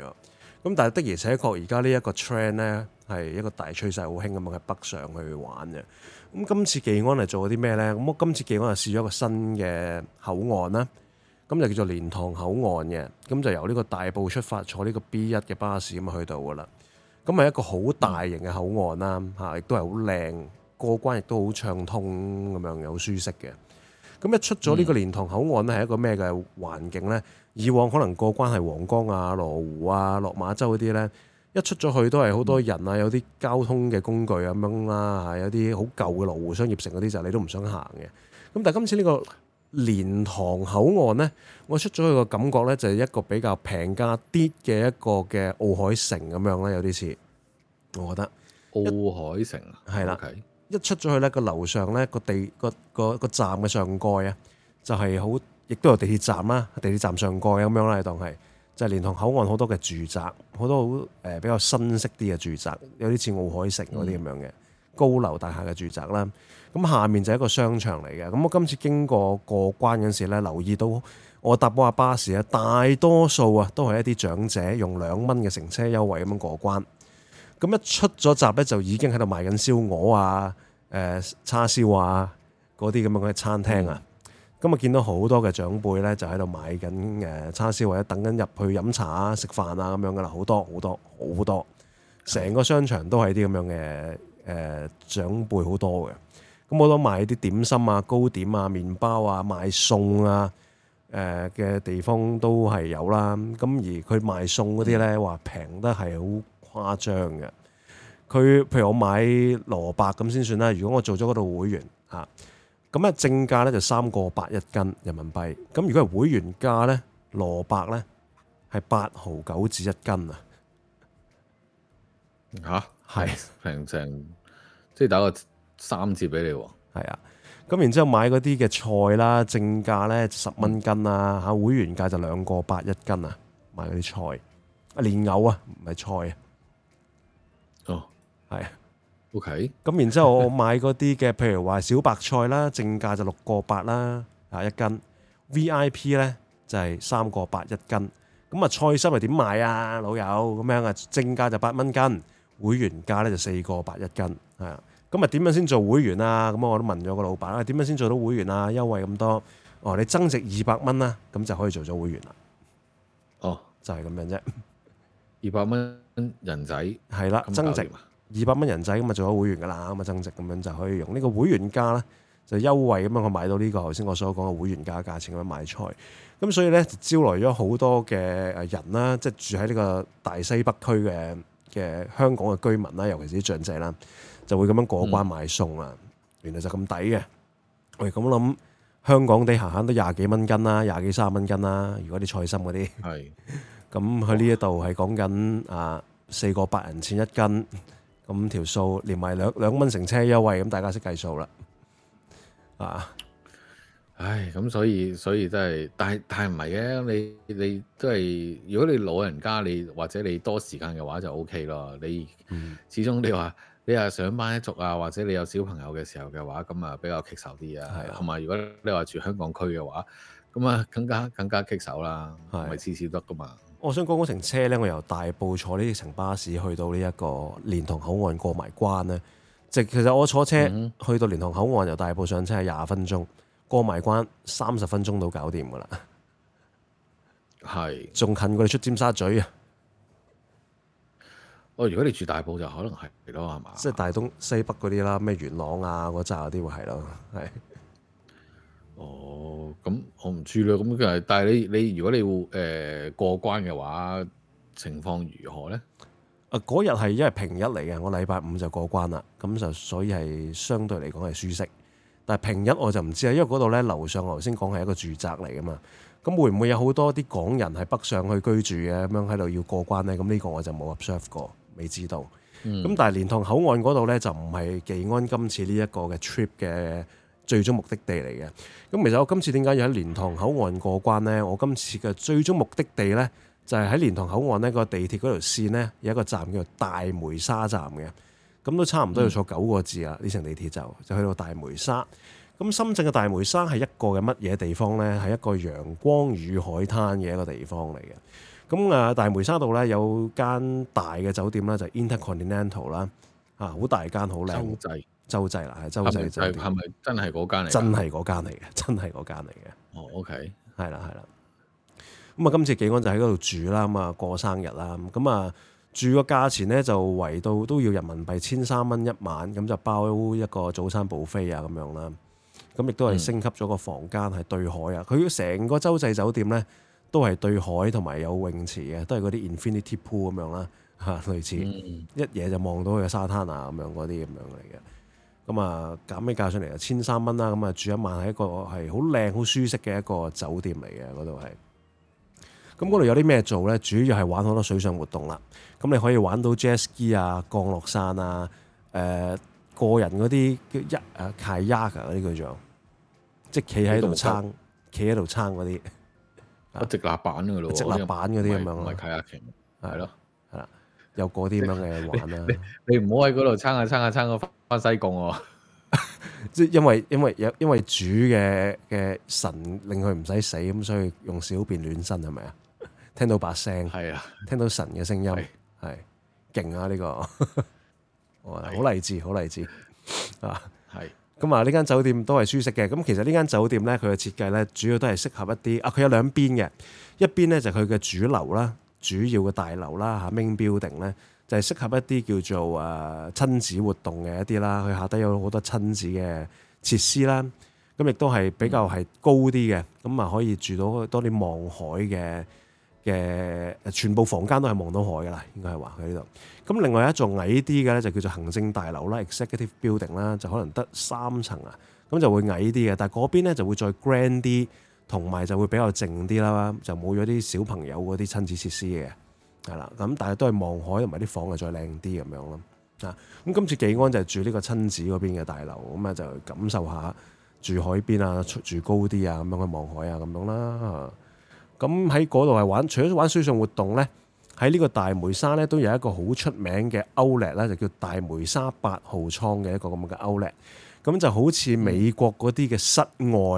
咁但係的而且確，而家呢一個 trend 咧係一個大趨勢，好興咁樣去北上去玩嘅。咁今次技安嚟做啲咩呢？咁我今次技安就試咗一個新嘅口岸啦，咁就叫做蓮塘口岸嘅。咁就由呢個大埔出發，坐呢個 B 一嘅巴士咁去到噶啦。咁係一個好大型嘅口岸啦，嚇，亦都係好靚，過關亦都好暢通咁樣，又好舒適嘅。咁一出咗呢個蓮塘口岸呢係一個咩嘅環境呢？以往可能過關係皇崗啊、羅湖啊、落馬洲嗰啲呢。一出咗去都係好多人啊，有啲交通嘅工具咁樣啦，係有啲好舊嘅羅湖商業城嗰啲就你都唔想行嘅。咁但係今次呢個蓮塘口岸呢，我出咗去個感覺呢，就係一個比較平價啲嘅一個嘅奧海城咁樣啦，有啲似，我覺得奧海城啊，係啦了，Okay. 一出咗去呢個樓上呢個地個個個站嘅上蓋啊，就係好，亦都有地鐵站啦，地鐵站上蓋咁樣啦，你當係。就係連同口岸好多嘅住宅，好多好誒比較新式啲嘅住宅，有啲似奧海城嗰啲咁樣嘅高樓大廈嘅住宅啦。咁下面就係一個商場嚟嘅。咁我今次經過過關嗰陣時咧，留意到我搭嗰架巴士咧，大多數啊都係一啲長者用兩蚊嘅乘車優惠咁樣過關。咁一出咗閘咧，就已經喺度賣緊燒鵝啊、誒、呃、叉燒啊嗰啲咁樣嘅餐廳啊。咁啊！見到好多嘅長輩咧，就喺度買緊誒叉燒或者等緊入去飲茶啊、食飯啊咁樣噶啦，好多好多好多，成個商場都係啲咁樣嘅誒、呃、長輩好多嘅。咁好多賣啲點心啊、糕點啊、麵包啊、賣餸啊誒嘅地方都係有啦。咁而佢賣餸嗰啲咧，話平得係好誇張嘅。佢譬如我買蘿蔔咁先算啦。如果我做咗嗰度會員吓。咁啊，正價咧就三個八一斤人民幣，咁如果係會員價咧，蘿蔔咧係八毫九至一斤啊！吓係？係平成即係打個三折俾你喎。係啊，咁然之後買嗰啲嘅菜啦，正價咧十蚊斤啊嚇，嗯、會員價就兩個八一斤啊，買嗰啲菜，蓮藕啊，唔係菜啊，哦，係。O K，咁然之後我買嗰啲嘅，譬如話小白菜啦，正價就六個八啦，啊一斤 V I P 呢，就係三個八一斤。咁啊菜心又點買啊老友？咁樣啊，正價就八蚊斤，會員價呢就四個八一斤。係啊，咁啊點樣先做會員啊？咁我都問咗個老闆，點樣先做到會員啊？優惠咁多，哦，你增值二百蚊啦，咁就可以做咗會員啦。哦，就係咁樣啫，二百蚊人仔係啦，的增值。二百蚊人仔，咁啊，做咗會員噶啦，咁啊增值咁樣就可以用呢個會員價啦，就優惠咁。啊，我買到呢個頭先我所講嘅會員價價錢咁樣買菜，咁所以呢，就招來咗好多嘅人啦，即係住喺呢個大西北區嘅嘅香港嘅居民啦，尤其是啲長者啦，就會咁樣過關買餸啊。嗯、原來就咁抵嘅。喂，咁諗香港地行行都廿幾蚊斤啦，廿幾三十蚊斤啦，如果啲菜心嗰啲，係咁佢呢一度係講緊啊四個八人錢一斤。咁條數連埋兩兩蚊乘車優惠，咁大家識計數啦。啊，唉，咁所以所以都係，但係但係唔係嘅，你你都係，如果你老人家你或者你多時間嘅話就 OK 啦。你、嗯、始終你話你啊上班一族啊，或者你有小朋友嘅時候嘅話，咁啊比較棘手啲啊。係同埋如果你話住香港區嘅話，咁啊更加更加棘手啦，唔係的次次都得㗎嘛。我想講講乘車咧，我由大埔坐呢程巴士去到呢一個蓮塘口岸過埋關呢，即其實我坐車、嗯、去到蓮塘口岸由大埔上車廿分鐘，過埋關三十分鐘到搞掂噶啦。係是，仲近過你出尖沙咀啊！哦，如果你住大埔就可能係咯，係嘛？即係大東西北嗰啲啦，咩元朗啊嗰扎嗰啲會係咯，係。 哦，咁我唔知啦。咁但係，但係你你如果你會誒、呃、過關嘅話，情況如何呢？嗰日係因為平日嚟嘅，我禮拜五就過關啦。咁就所以係相對嚟講係舒適。但係平日我就唔知啊，因為嗰度呢樓上我頭先講係一個住宅嚟噶嘛。咁會唔會有好多啲港人喺北上去居住嘅咁樣喺度要過關呢？咁呢個我就冇 observe 過，未知道。咁、嗯、但係連同口岸度咧就唔係技安今次呢一個嘅 trip 嘅。最終目的地嚟嘅，咁其實我今次點解要喺蓮塘口岸過關呢？我今次嘅最終目的地呢，就係喺蓮塘口岸呢個地鐵嗰條線呢，有一個站叫做大梅沙站嘅，咁都差唔多要坐九個字啦，呢、嗯、程地鐵就就去到大梅沙。咁深圳嘅大梅沙係一個嘅乜嘢地方呢？係一個陽光與海灘嘅一個地方嚟嘅。咁啊，大梅沙度呢，有間大嘅酒店啦，就是、Intercontinental 啦，啊，好大間，好靚。洲際啦，係洲際酒店。係係咪真係嗰間嚟？真係嗰間嚟嘅，真係嗰間嚟嘅。哦，OK，係啦係啦。咁啊，今次技安就喺嗰度住啦，咁啊過生日啦。咁啊住個價錢呢，就圍到都要人民幣千三蚊一晚，咁就包一個早餐 buffet 啊咁樣啦。咁亦都係升級咗個房間係、嗯、對海啊。佢成個洲際酒店呢，都係對海同埋有泳池嘅，都係嗰啲 infinity pool 咁樣啦，嚇，類似。嗯嗯一嘢就望到佢嘅沙灘啊咁樣嗰啲咁樣嚟嘅。咁啊，揀咩價上嚟啊？千三蚊啦，咁啊住一晚係一個係好靚、好舒適嘅一個酒店嚟嘅，嗰度係。咁嗰度有啲咩做咧？主要係玩好多水上活動啦。咁你可以玩到 jet ski 啊、降落傘啊、誒、呃、個人嗰啲一誒 kayak 嗰啲叫做，即係企喺度撐、企喺度撐嗰啲。直立板嘅咯，直立板嗰啲咁樣。唔係 kayak，係咯。對有嗰啲咁樣嘅玩啊！你唔好喺嗰度撐下撐下撐到翻西貢喎！即係因為因為因因為主嘅嘅神令佢唔使死咁，所以用小便暖身係咪啊？聽到把聲係啊，聽到神嘅聲音係勁啊！呢個好勵志，好勵志啊！係咁啊！呢間酒店都係舒適嘅。咁其實呢間酒店咧，佢嘅設計咧，主要都係適合一啲啊。佢有兩邊嘅，一邊咧就佢嘅主樓啦。主要嘅大樓啦，嚇 main building 咧，就係適合一啲叫做誒親子活動嘅一啲啦，佢下低有好多親子嘅設施啦，咁亦都係比較係高啲嘅，咁啊可以住到多啲望海嘅嘅，全部房間都係望到海㗎啦，應該係話喺呢度。咁另外一座矮啲嘅咧，就叫做行政大樓啦，executive building 啦，就可能得三層啊，咁就會矮啲嘅，但係嗰邊咧就會再 grand 啲。同埋就會比較靜啲啦，就冇咗啲小朋友嗰啲親子設施嘅，係啦。咁但係都係望海同埋啲房係再靚啲咁樣咯。啊，咁今次技安就係住呢個親子嗰邊嘅大樓，咁、嗯、啊就感受下住海邊啊，住高啲啊，咁樣去望海啊咁樣啦。咁喺嗰度係玩，除咗玩水上活動呢，喺呢個大梅沙呢，都有一個好出名嘅歐叻，啦，就叫大梅沙八號倉嘅一個咁嘅歐叻。咁就好似美國嗰啲嘅室外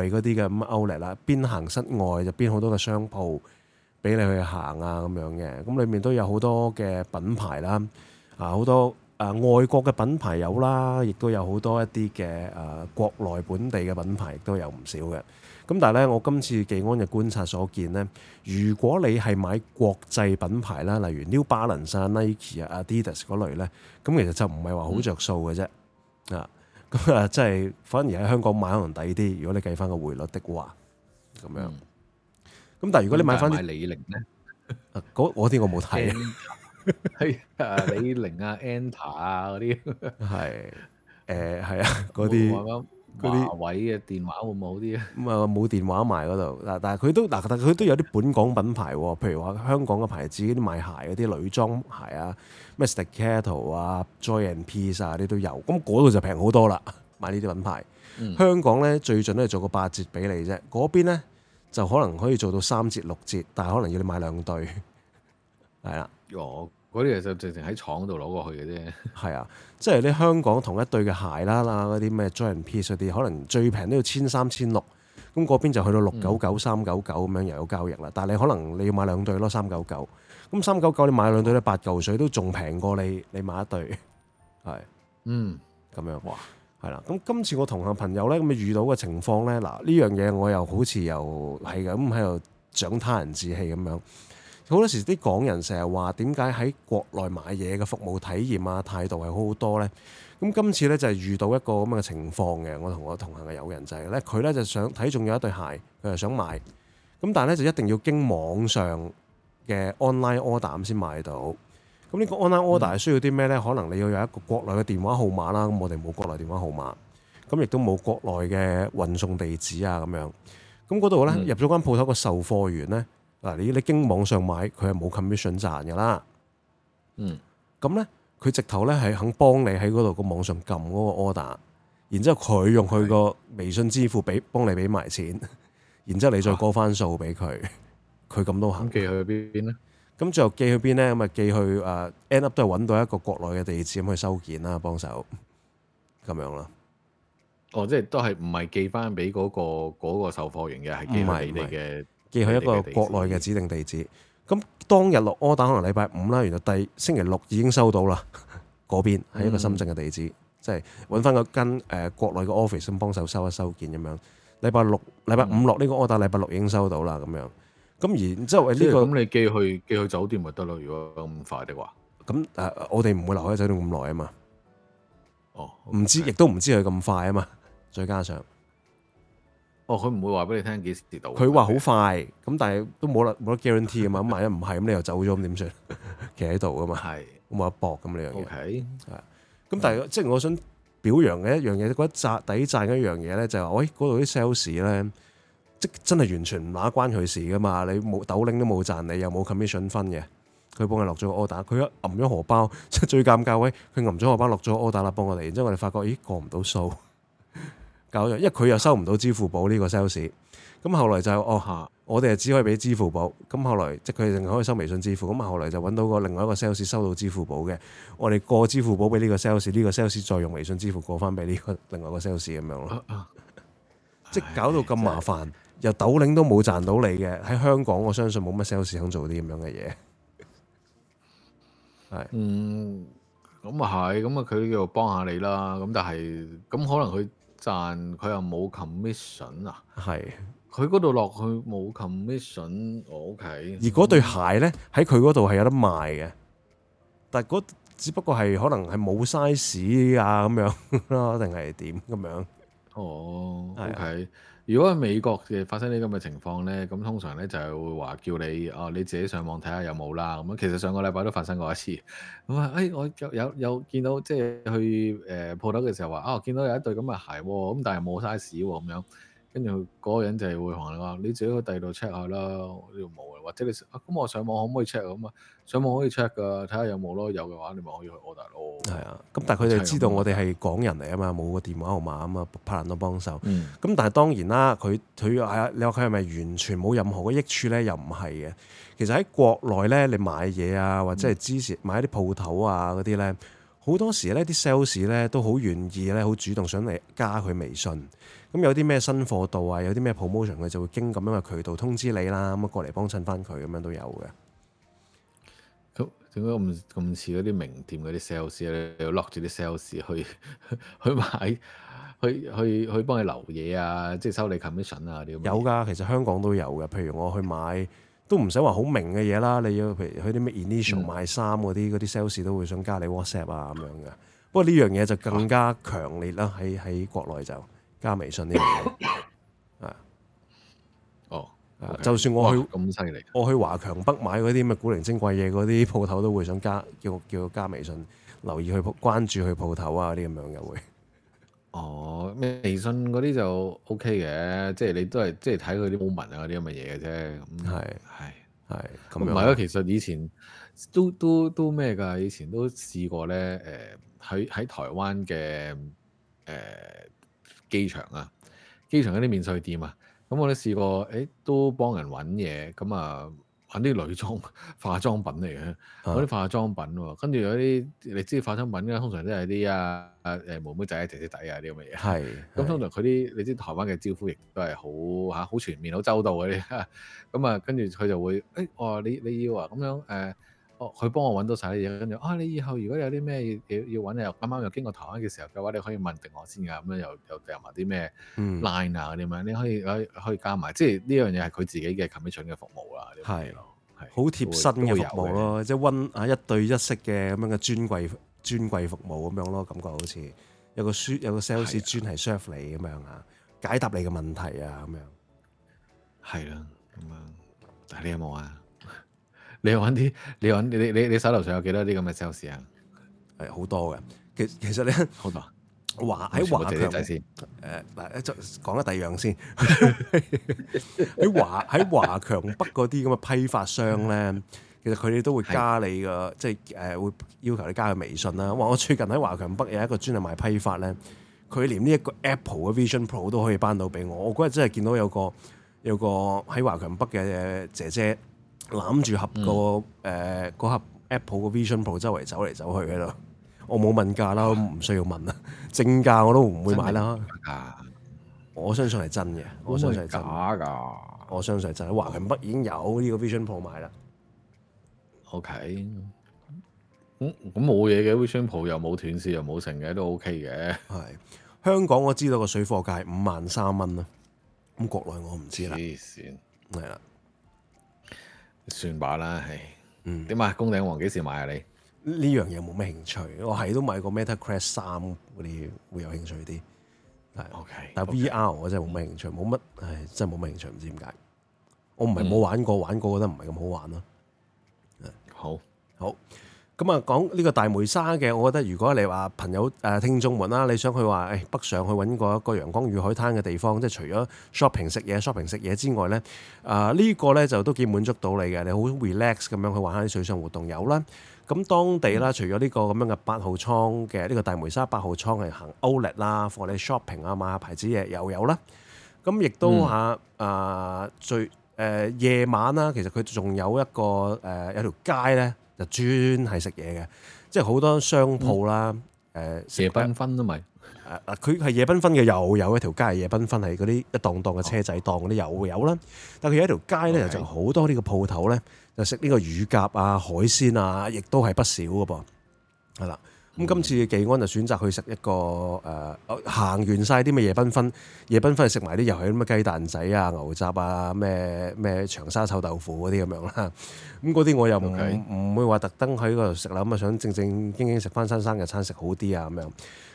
嗰啲嘅咁嘅 outlet 啦，邊行室外就邊好多嘅商鋪俾你去行啊咁樣嘅，咁裏面都有好多嘅品牌啦，啊好多啊、呃、外國嘅品牌有啦，亦都有好多一啲嘅啊國內本地嘅品牌都有唔少嘅。咁但係咧，我今次技安嘅觀察所見咧，如果你係買國際品牌啦，例如 New Balance 啊、Nike 啊、Adidas 嗰類咧，咁其實就唔係話好着數嘅啫，啊、嗯！咁啊，即係 反而喺香港買可能抵啲，如果你計翻個匯率的話，咁樣。咁、嗯、但係如果你買翻啲李寧咧，嗰啲 我冇睇，係啊，李寧啊，ANTA 啊嗰啲，係，誒 係、呃、啊，嗰啲。華為嘅電話會唔好啲啊？咁啊，冇電話賣嗰度，嗱但係佢都嗱但佢都有啲本港品牌喎，譬如話香港嘅牌子嗰啲賣鞋嗰啲女裝鞋啊，咩 Staccato 啊、Joy and Peace 啊，啲都有，咁嗰度就平好多啦，買呢啲品牌。嗯、香港呢最盡都係做個八折俾你啫，嗰邊咧就可能可以做到三折六折，但係可能要你買兩對，係啦。嗰啲嘢就直情喺廠度攞過去嘅啫。係啊，即係你香港同一對嘅鞋啦、嗰啲咩 Joy and Peace 嗰啲，可能最平都要千三千六，咁嗰邊就去到六九九、三九九咁樣又有交易啦。但係你可能你要買兩對咯，三九九，咁三九九你買兩對咧八嚿水都仲平過你，你買一對係嗯咁樣哇，係啦、啊。咁今次我同行朋友呢，咁咪遇到嘅情況呢。嗱呢樣嘢我又好似又係咁喺度長他人志氣咁樣。好多時啲港人成日話點解喺國內買嘢嘅服務體驗啊態度係好好多呢？咁今次呢，就係遇到一個咁嘅情況嘅，我同我同行嘅友人就係呢，佢呢就想睇中有一對鞋，佢就想買，咁但係呢，就一定要經網上嘅 online order 先買到。咁呢個 online order 需要啲咩呢？嗯、可能你要有一個國內嘅電話號碼啦，咁我哋冇國內電話號碼，咁亦都冇國內嘅運送地址啊咁樣。咁嗰度呢，嗯、入咗間鋪頭個售貨員呢。嗱，你你經網上買，佢係冇 commission 賺噶啦，嗯，咁咧佢直頭咧係肯幫你喺嗰度個網上撳嗰個 order，然之後佢用佢個微信支付俾幫你俾埋錢，然之後你再過翻數俾佢，佢咁都肯寄去邊咧？咁最後寄去邊咧？咁啊寄去誒、uh, end up 都係搵到一個國內嘅地址咁去收件啦，幫手咁樣啦。哦，即係都係唔係寄翻俾嗰個、嗰個售貨員嘅，係寄翻俾你嘅。寄去一個國內嘅指定地址，咁址當日落 order 可能禮拜五啦，然後第星期六已經收到啦。嗰邊係一個深圳嘅地址，嗯、即係搵翻個跟誒國內嘅 office 咁幫手收一收件咁樣。禮拜六、禮拜五落呢個 order，禮拜六已經收到啦咁樣。咁然之後呢個咁你寄去寄去酒店咪得咯？如果咁快的話，咁誒我哋唔會留喺酒店咁耐啊嘛。哦，okay. 唔知亦都唔知佢咁快啊嘛，再加上。哦，佢唔會話俾你聽幾時跌到。佢話好快，咁但係都冇得冇得 guarantee 嘅嘛。咁萬一唔係，咁你又走咗，咁點算？企喺度嘅嘛。係。咁冇得搏咁樣嘢。OK 咁但係即係我想表揚嘅一樣嘢，嗰扎抵讚一樣嘢咧，就係話：喂，嗰度啲 sales 咧，即真係完全唔關佢事嘅嘛。你冇抖拎都冇賺，你又冇 commission 分嘅。佢幫你落咗個 order，佢一揞咗荷包，即係最尷尬喂，佢揞咗荷包落咗 order 啦，幫我哋。然之後我哋發覺，咦，過唔到數。搞咗，因為佢又收唔到支付寶呢個 sales，咁後來就是、哦嚇、啊，我哋啊只可以俾支付寶，咁後來即佢哋淨係可以收微信支付，咁後嚟就揾到個另外一個 sales 收到支付寶嘅，我哋過支付寶俾呢個 sales，呢、呢個 sales 再用微信支付過翻俾呢個另外一個 sales 咁樣咯，啊啊、 即搞到咁麻煩，唉又斗零都冇賺到你嘅，喺香港我相信冇乜 sales 肯做啲咁樣嘅嘢。係，嗯，咁啊係，咁啊佢叫幫下你啦，咁但係咁可能佢。賺佢又冇 commission 啊，係，係佢嗰度落去冇 commission，我、okay. 屋企。而嗰對鞋呢，喺佢嗰度係有得賣嘅，但嗰只不過係可能係冇 size 啊咁樣咯，定係點咁樣？哦、oh，OK。Yeah. 如果喺美國嘅發生呢啲咁嘅情況呢，咁通常呢就係會話叫你啊你自己上網睇下有冇啦咁樣。其實上個禮拜都發生過一次，咁啊，誒、哎、我有有，有見到即係去誒鋪頭嘅時候話啊，見到有一對咁嘅鞋喎，咁但係冇 size 喎咁樣。跟住佢嗰個人就係會行你話，你自己去第二度 check 下啦，呢度冇嘅。或者你咁、啊、我上網可唔可以 check 啊咁啊？上網可以 check 噶，睇下有冇咯，有嘅話你咪可以去 order 咯。係啊，咁但係佢哋知道我哋係港人嚟啊嘛，冇個電話號碼啊嘛，派難到幫手。咁、嗯、但係當然啦，佢佢啊，你話佢係咪完全冇任何嘅益處咧？又唔係嘅。其實喺國內咧，你買嘢啊，或者係支持買一啲鋪頭啊嗰啲咧。好多時咧，啲 sales 咧都好願意咧，好主動想嚟加佢微信。咁有啲咩新貨到啊，有啲咩 promotion，佢就會經咁樣嘅渠道通知你啦。咁啊，過嚟幫襯返佢咁樣都有嘅。咁點解咁咁似嗰啲名店嗰啲 sales 咧？你要落住啲 sales 去去買，去去去去幫你留嘢啊，即係收你 commission 啊啲。有㗎，其實香港都有㗎。譬如我去買。都唔使話好明嘅嘢啦，你要譬如去啲咩 initial 買衫，嗰啲嗰啲 sales 都會想加你 WhatsApp 啊咁樣嘅。嗯、不過呢樣嘢就更加強烈啦，喺喺哇國內就加微信呢樣嘢哦，就算我去咁犀利，我去華強北買嗰啲乜古靈精怪嘢嗰啲鋪頭都會想加叫叫加微信，留意去關注去鋪頭啊啲咁樣嘅會。哦，咩微信嗰啲就 OK 嘅，即係你都係即係睇佢啲語文啊嗰啲咁嘅嘢嘅啫。咁係係係，咁唔係啊。嗯、是是其實以前都都都咩噶，以前都試過咧。誒喺喺台灣嘅誒、呃、機場啊，機場嗰啲免稅店啊，咁我都試過，誒、欸、都幫人揾嘢咁啊。揾啲女裝化妝品嚟嘅，揾啲化妝品喎，跟住有啲你知化妝品嘅通常都係啲啊啊誒妹妹仔啊、呃、姐姐仔啊啲咁嘅嘢。係。咁是通常佢啲是的 你知台灣嘅招呼亦都係好嚇好全面好周到嘅啲。咁啊，嗯、跟住佢就會，誒、欸、我、哦、你你要啊，咁樣誒，我、啊、佢、哦、幫我揾到晒啲嘢，跟住啊你以後如果有啲咩要要揾你，又啱啱又經過台灣嘅時候嘅話，你可以問定我先㗎。咁樣又又又問啲咩 line 啊嗰啲咁，你可以可以加埋。即係呢樣嘢係佢自己嘅 commission 嘅服務啦。係咯。好是貼身嘅服務咯，即係溫啊一對一式嘅咁樣嘅專櫃專櫃服務咁樣咯，感覺好似有個書有個 sales 專係 serve 你咁樣啊，的解答你嘅問題啊咁樣。係啦，咁樣。但係你有冇啊？你揾啲，你揾你你你手頭上有幾多啲咁嘅 sales 啊？係好多嘅。其其實咧好多。華喺華強誒，嗱就講得第二樣先一。喺華喺華強北嗰啲咁嘅批發商咧，嗯、其實佢哋都會加你個，的即係誒會要求你加佢微信啦。哇、呃！我最近喺華強北有一個專係賣批發咧，佢連呢一個 Apple 嘅 Vision Pro 都可以頒到俾我。我嗰日真係見到有個有個喺華強北嘅姐姐攬住、嗯呃、盒個誒盒 Apple 嘅 Vision Pro 周圍走嚟走，走去喺度。我冇問價啦，唔需要問啦。正價我都唔會買啦。我相信係真嘅，我相信係假㗎。我相信係真，華強北已經有呢個買、okay. Vision Pro 賣啦。O K，咁冇嘢嘅 Vision Pro 又冇斷市又冇停嘅都 O K 嘅。係香港我知道個水貨價係五萬三蚊啊。咁國內我唔知啦。黐線。算係啦，算吧啦，係、嗯。點啊？工頂王幾時買啊？你？呢樣嘢冇咩興趣，我係都買過 Meta Quest 三啲會有興趣啲。係 Okay,，但 V R 我真係冇咩興趣，冇乜唉真係冇乜興趣，唔知點解。我唔係冇玩過，嗯、玩過覺得唔係咁好玩咯。好，好咁啊。講呢個大梅沙嘅，我覺得如果你話朋友誒、啊、聽眾們啦，你想去話誒、哎、北上去揾過一個陽光與海灘嘅地方，即係除咗 shopping 食嘢、shopping 食嘢之外、啊呢個、呢，啊呢個呢就都幾滿足到你嘅。你好 relax 咁樣去玩下啲水上活動，有啦。咁當地啦，除咗呢個咁樣嘅八號倉嘅呢、呢個大梅沙八號倉係行 OLED 啦、放你 shopping 啊嘛、買下牌子嘢又有啦。咁亦都嚇啊，最誒、呃、夜晚啦，其實佢仲有一個誒、呃、有條街咧，就專係食嘢嘅，即係好多商鋪啦，誒、嗯，色、呃、繽紛都咪。佢係夜繽紛嘅，又有一條街係夜繽紛，係嗰啲一檔檔嘅車仔檔嗰啲有有啦。Oh. 但係佢有一條街呢，Okay. 就好多呢個鋪頭呢，就食呢個乳鴿啊、海鮮啊，亦都係不少嘅噃。係啦，咁今次技安就選擇去食一個誒，行、呃、完晒啲咩夜繽紛，夜繽紛係食埋啲又係啲乜雞蛋仔啊、牛雜啊、咩咩長沙臭豆腐嗰啲咁樣啦。咁嗰啲我又唔唔 Okay. 會話特登喺嗰度食啦，咁啊想正正經經食翻新生嘅餐食好啲啊咁樣。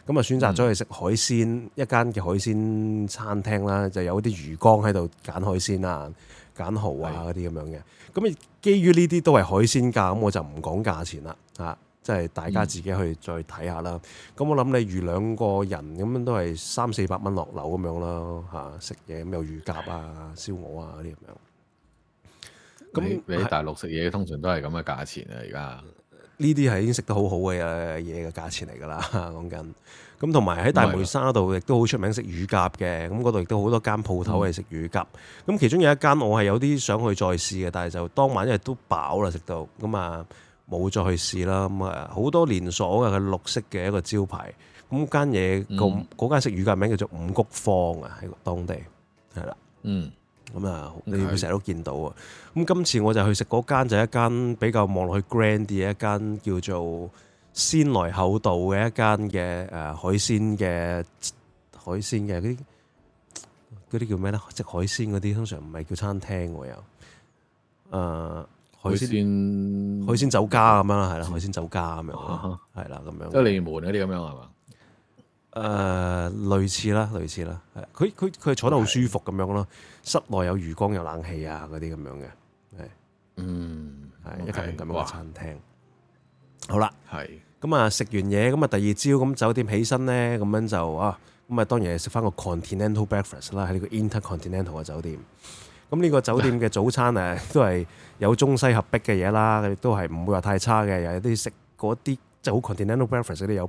咁啊，就選擇咗去食海鮮、嗯、一間嘅海鮮餐廳啦，就有啲魚缸喺度揀海鮮啊、揀蠔啊嗰啲咁樣嘅。咁啊的，基於呢啲都係海鮮價，咁我就唔講價錢啦，嚇、嗯，即係大家自己去再睇下啦。咁我諗你預兩個人咁樣都係三四百蚊落樓咁樣啦，嚇，食嘢咁有魚鴿啊、燒鵝啊嗰啲咁樣。咁的你喺的大陸食嘢通常都係咁嘅價錢啊，而家。呢啲係已經食得好好嘅嘢嘅價錢嚟㗎啦，講緊。咁同埋喺大梅沙度亦都好出名食乳鴿嘅，咁嗰度亦都好多間鋪頭係食乳鴿。咁、嗯、其中有一間我係有啲想去再試嘅，但係就當晚因為都飽啦，食到咁啊冇再去試啦。咁啊好多連鎖嘅綠色嘅一個招牌。咁間嘢個嗰間食乳鴿名叫做五谷坊啊，喺當地係啦。嗯。咁啊，你會成日都見到啊！咁今次我就去食嗰間，就係、是、一間比較望落去 grand 啲、e、嘅一間叫做先來後到嘅一間嘅誒、啊、海鮮嘅海鮮嘅嗰啲啲叫咩咧？食海鮮嗰啲通常唔係叫餐廳喎，又誒海鮮海鮮酒家咁樣啦，係啦、啊，海鮮酒家咁樣，係啦，咁、啊、樣即係你門嗰啲咁樣係嘛？啊誒、uh，類似啦，類似啦，係佢佢佢坐得好舒服咁樣咯，是室內有魚缸、有冷氣啊嗰啲咁樣嘅，係嗯係一,一個咁嘅餐廳。哇好啦了，係咁啊食完嘢咁啊第二朝咁酒店起身咧，咁樣就啊咁啊當然係食翻個 continental breakfast 啦，喺呢個 intercontinental 嘅酒店。咁呢個酒店嘅早餐誒都係有中西合璧嘅嘢啦，亦都係唔會話太差嘅，又有啲食嗰啲就好 continental breakfast 都有。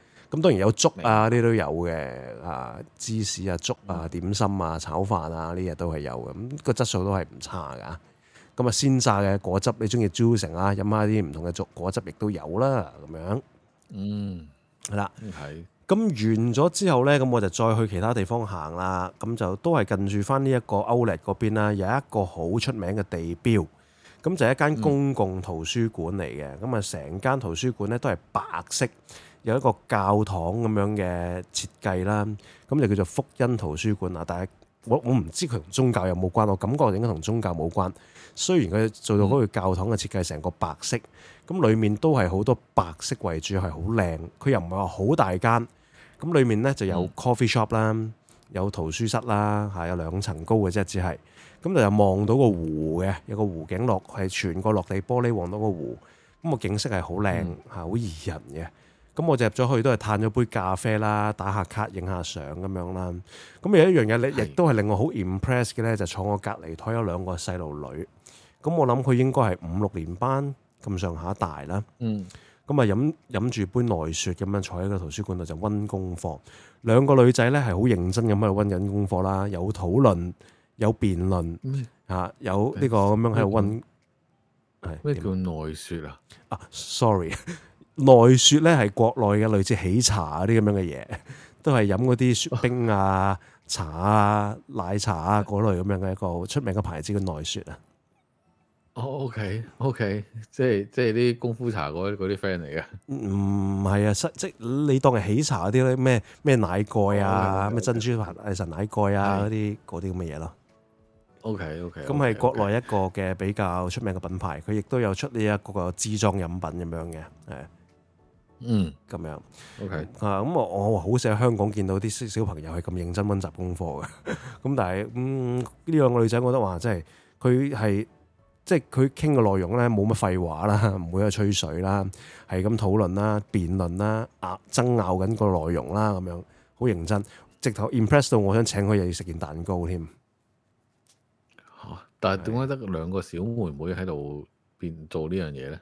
咁當然有粥啊，呢都有嘅啊，芝士啊、粥啊、點心啊、炒飯啊，呢啲都係有嘅。咁個質素都係唔差噶。咁啊鮮榨嘅果汁，你中意 juicing 啊，飲下啲唔同嘅粥果汁亦都有啦。咁樣，嗯，係啦，係。咁完咗之後咧，咁我就再去其他地方行啦。咁就都係近住翻呢一個歐力嗰邊啦。有一個好出名嘅地標，咁就係一間公共圖書館嚟嘅。咁啊，成間圖書館咧都係白色。有一個教堂咁樣嘅設計啦，咁就叫做福音圖書館啊！但係我我唔知佢同宗教有冇關，我感覺應該同宗教冇關。雖然佢做到嗰個教堂嘅設計，成個白色，咁裡面都係好多白色為主，係好靚。佢又唔係話好大間，咁裡面呢就有 coffee shop 啦，有圖書室啦，嚇有兩層高嘅啫，只係咁就又望到個湖嘅，有個湖景落係全個落地玻璃望到個湖，咁個景色係好靚嚇，好宜、嗯、人嘅。咁我就入咗去，都係嘆咗杯咖啡啦，打下卡、影下相咁樣啦。咁有一樣嘢，你的亦都係令我好 impress 嘅咧，就坐我隔離台有兩個細路女。咁我諗佢應該係五六年班咁上下大啦。嗯。咁啊飲飲住杯內雪咁樣坐喺個圖書館度就溫功課。兩個女仔咧係好認真咁樣溫緊功課啦，有討論、有辯論嚇、有呢個咁樣喺度溫。咩叫內雪啊？啊，sorry。內雪咧係國內嘅類似喜茶嗰啲咁樣嘅嘢，都係飲嗰啲雪冰啊、茶啊、奶茶啊嗰類咁樣嘅一個出名嘅牌子嘅內雪啊。哦、oh,，OK，OK，、okay, okay. 即係即係啲功夫茶嗰啲 friend 嚟嘅。唔係、嗯、啊，即即你當係喜茶嗰啲咧，咩咩奶蓋啊，咩珍珠粉誒神奶蓋啊嗰啲嗰啲咁嘅嘢咯。OK，OK，咁係國內一個嘅比較出名嘅品牌，佢亦都有出呢、這個、一個支裝飲品咁樣嘅，誒。嗯，咁樣，OK，啊，咁、嗯、我我好少喺香港見到啲小小朋友係咁認真温習功課嘅。咁但係，嗯，呢兩、嗯、個女仔，我覺得話真係佢係即係佢傾嘅內容咧，冇乜廢話啦，唔會去吹水啦，係咁討論啦、辯論啦、啊爭拗緊個內容啦，咁樣好認真，直頭 impress 到我想請佢又要食件蛋糕添、啊。但係點解得兩個小妹妹喺度變做呢樣嘢咧？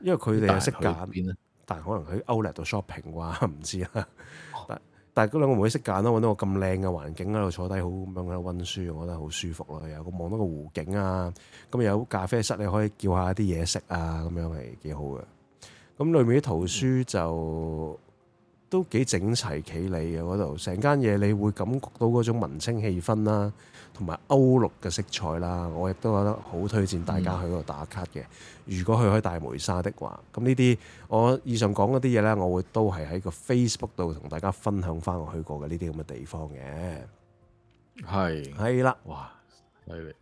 嗯、因為佢哋識揀。但可能喺 Outlet 度 shopping 啩，唔知啦、oh.，但但係嗰兩個唔會識揀咯，揾到個咁靚嘅環境喺度坐低，好咁樣喺度温書，我覺得好舒服咯。有個望到個湖景啊，咁有咖啡室你可以叫下啲嘢食啊，咁樣係幾好嘅。咁裡面啲圖書就、嗯、都幾整齊企理嘅嗰度，成間嘢你會感覺到嗰種文青氣氛啦。同埋歐陸嘅色彩啦，我亦都覺得好推薦大家去嗰度打卡嘅。嗯、如果去開大梅沙的話，咁呢啲我以上講嗰啲嘢呢，我會都係喺個 Facebook 度同大家分享返我去過嘅呢啲咁嘅地方嘅。係係啦，了哇！係咪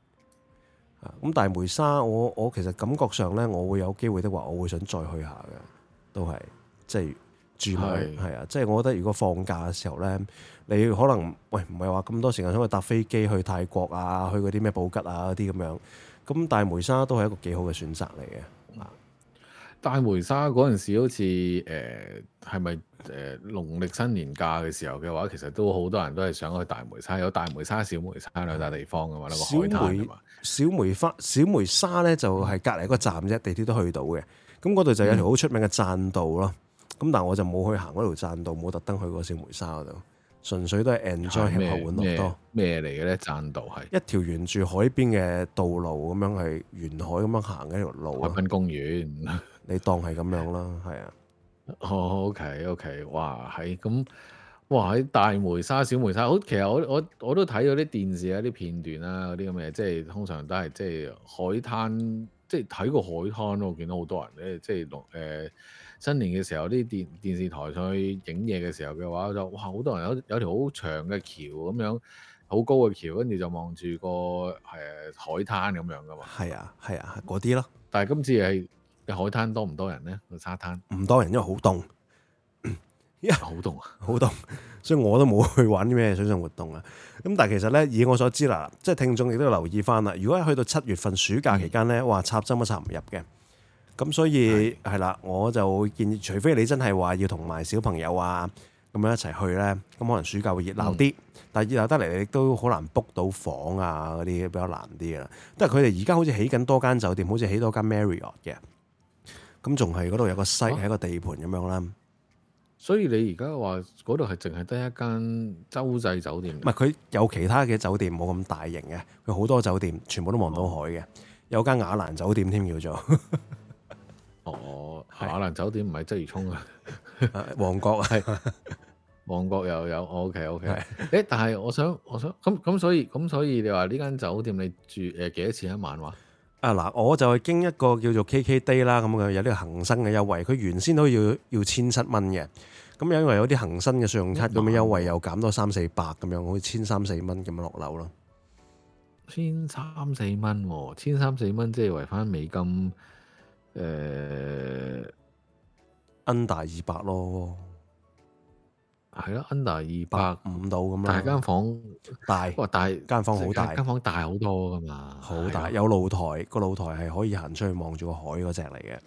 啊？咁大梅沙，我我其實感覺上呢，我會有機會的話，我會想再去下嘅。都係即係住去係是啊！即、就、係、是、我覺得，如果放假嘅時候呢。你可能喂唔係話咁多時間，因為去搭飛機去泰國啊，去嗰啲咩布吉啊嗰啲咁樣。咁大梅沙都係一個幾好嘅選擇嚟嘅。啊、嗯，大梅沙嗰陣時好似誒係咪誒農曆新年假嘅時候嘅話，其實都好多人都係想去大梅沙。有大梅沙、小梅沙兩笪地方嘅嘛，嗰梅個海灘，小梅花小梅沙呢，就係隔離一個站啫，地鐵都去到嘅。咁嗰度就有條好出名嘅棧道咯。咁、嗯、但係我就冇去行嗰條棧道，冇特登去過小梅沙嗰度。純粹都係 enjoy 喺白碗落多。咩嚟嘅咧？棧道係一條沿住海邊嘅道路咁樣，係沿海咁樣行一條路啊。海濱公園，你當係咁樣啦，係啊 是。好 OK OK，哇喺咁，哇喺大梅沙、小梅沙，好，其實我我我都睇咗啲電視啊、啲片段啊、嗰啲咁嘅，即係通常都係即係海灘，即係睇過海灘咯，我見到好多人咧，即係落誒。呃新年嘅時候，啲電電視台上去影嘢嘅時候嘅話，就哇好多人有有條好長嘅橋咁樣，好高嘅橋，跟住就望住個誒海灘咁樣噶嘛。係啊，係啊，嗰啲咯。但係今次係海灘多唔多人呢？個沙灘唔多人，因為好凍，因為好凍啊，好凍， 所以我都冇去玩啲咩水上活動啊。咁但係其實咧，以我所知啦，即係聽眾亦都留意翻啦。如果係去到七月份暑假期間咧，哇、嗯、插針都插唔入嘅。咁所以係啦的，我就建議，除非你真係話要同埋小朋友啊咁樣一齊去呢，咁可能暑假會熱鬧啲。嗯、但熱鬧得嚟，你亦都好難 book 到房啊，嗰啲比較難啲嘅啦。但係佢哋而家好似起緊多間酒店，好似起多間 Marriott 嘅。咁仲係嗰度有個西係一個地盤咁樣啦、啊。所以你而家話嗰度係淨係得一間洲際酒店？唔係，佢有其他嘅酒店，冇咁大型嘅。佢好多酒店，全部都望到海嘅，有間雅蘭酒店添叫做、嗯。 哦，可能是酒店唔係鰂魚涌啊！旺角係旺角又有，O K O K。誒、OK, OK 是欸，但係我想我想咁咁，所以咁所以你話呢間酒店你住誒幾多錢一晚話？啊嗱，我就係經一個叫做 K K Day 啦，咁嘅有啲恒生嘅優惠，佢原先都要要千七蚊嘅，咁因為有啲恒生嘅信用卡咁嘅優惠，又減多三四百咁樣，好似千三四蚊咁樣落樓咯。千三四蚊，千三四蚊即係為翻美金。誒、uh,，under 二百咯，係咯，under 二百五到咁咯。大間房大，不過大間房好大，間房大好多噶嘛，好大、啊、有露台，個露台係可以行出去望住個海嗰隻嚟嘅。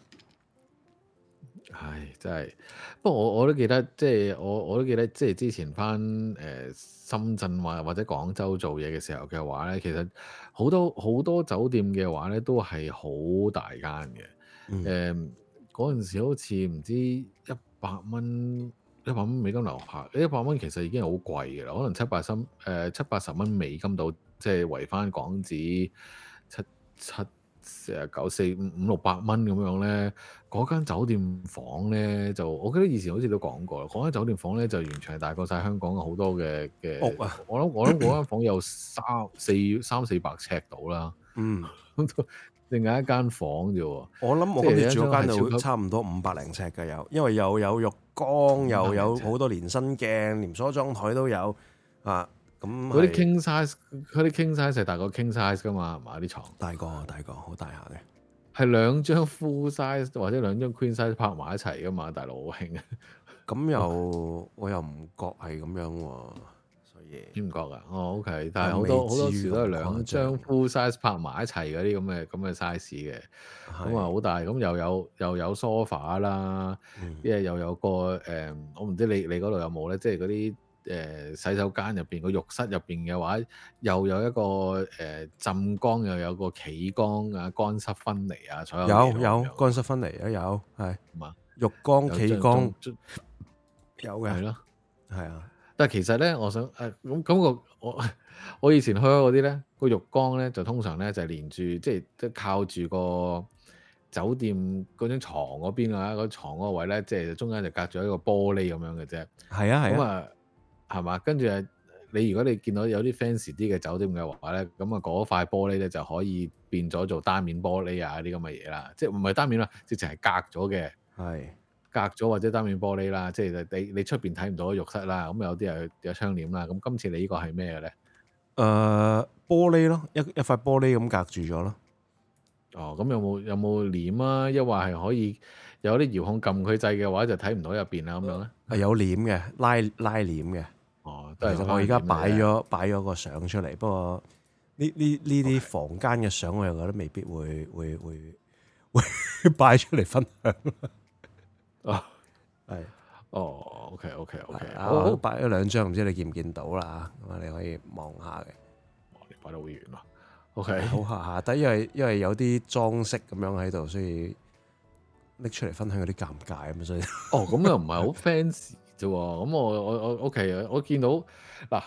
唉，真係。不過我我都記得，即、就、係、是、我我都記得，即、就、係、是、之前翻誒深圳或或者廣州做嘢嘅時候嘅話咧，其實好多好多酒店嘅話咧都係好大間嘅。誒嗰陣時好似唔知一百蚊一百蚊美金樓下，一百蚊其實已經係好貴嘅啦。可能七八十誒七八十蚊美金到，即係圍翻港紙七七四啊九四五六百蚊咁樣咧。嗰間酒店房咧就，我記得以前好似都講過啦。嗰間酒店房咧就完全係大過晒香港嘅好多嘅嘅屋啊！我諗我諗嗰間房有三四三四百尺到啦。嗯。 另外一間房啫喎，我諗我哋住嗰間就差唔多五百零尺嘅有，因為又有浴缸，又有好多連身鏡，連梳妝台都有啊。咁嗰啲 king size，嗰啲 king size 係大過 king size 噶嘛，係嘛？啲床，大個大個，好大下嘅。係兩張 full size 或者兩張 queen size 拍埋一齊嘅嘛，大佬好興啊。咁又我又唔覺係咁樣喎。唔覺噶，哦，OK，但係好多好多時都係兩張 full size 拍埋一齊嗰啲咁嘅咁嘅 size 嘅，咁啊好大，咁又有又有 sofa 啦，啲啊又有個誒，我唔知你你嗰度有冇咧，即係嗰啲誒洗手間入邊個浴室入邊嘅話，又有一個誒浸缸，又有個企缸啊，乾濕分離啊，所有有有乾濕分離啊，有係嘛？浴缸企缸有嘅，係咯，係啊。但係其實咧，我想誒咁咁我我我以前開嗰啲咧，個浴缸咧就通常咧就係連住即係即係靠住個酒店嗰張牀嗰邊啊，個牀嗰位咧，即係中間就隔咗一個玻璃咁樣嘅啫。係啊係。咁啊係嘛？跟住你如果你見到有啲 fancy 啲嘅酒店嘅話咧，咁啊嗰塊玻璃咧就可以變咗做單面玻璃啊啲咁嘅嘢啦。即係唔係單面啦？直情係隔咗嘅。係。隔咗或者單面玻璃啦，即係你你出邊睇唔到浴室啦，咁有啲又有窗簾啦，咁今次你個呢個係咩嘅咧？誒、呃，玻璃咯，一一塊玻璃咁隔住咗咯。哦，咁有冇有冇簾啊？一話係可以有啲遙控撳佢掣嘅話就，就睇唔到入邊啦，咁樣咧。係有簾嘅，拉拉簾嘅。哦，其實我而家擺咗擺咗個相出嚟，不過呢呢呢啲房間嘅相，我又覺得未必會會會會擺出嚟分享。係，哦、oh，OK，OK，OK，okay, okay, okay. 我擺咗兩張，唔知你見唔見到啦咁啊，你可以望下嘅。哇、oh, 啊，你擺得好遠啊，OK，好下下，但係因為因為有啲裝飾咁樣喺度，所以拎出嚟分享有啲尷尬咁所以，哦、oh，咁又唔係好 fancy 啫，咁我我我 OK，我見到，嗱，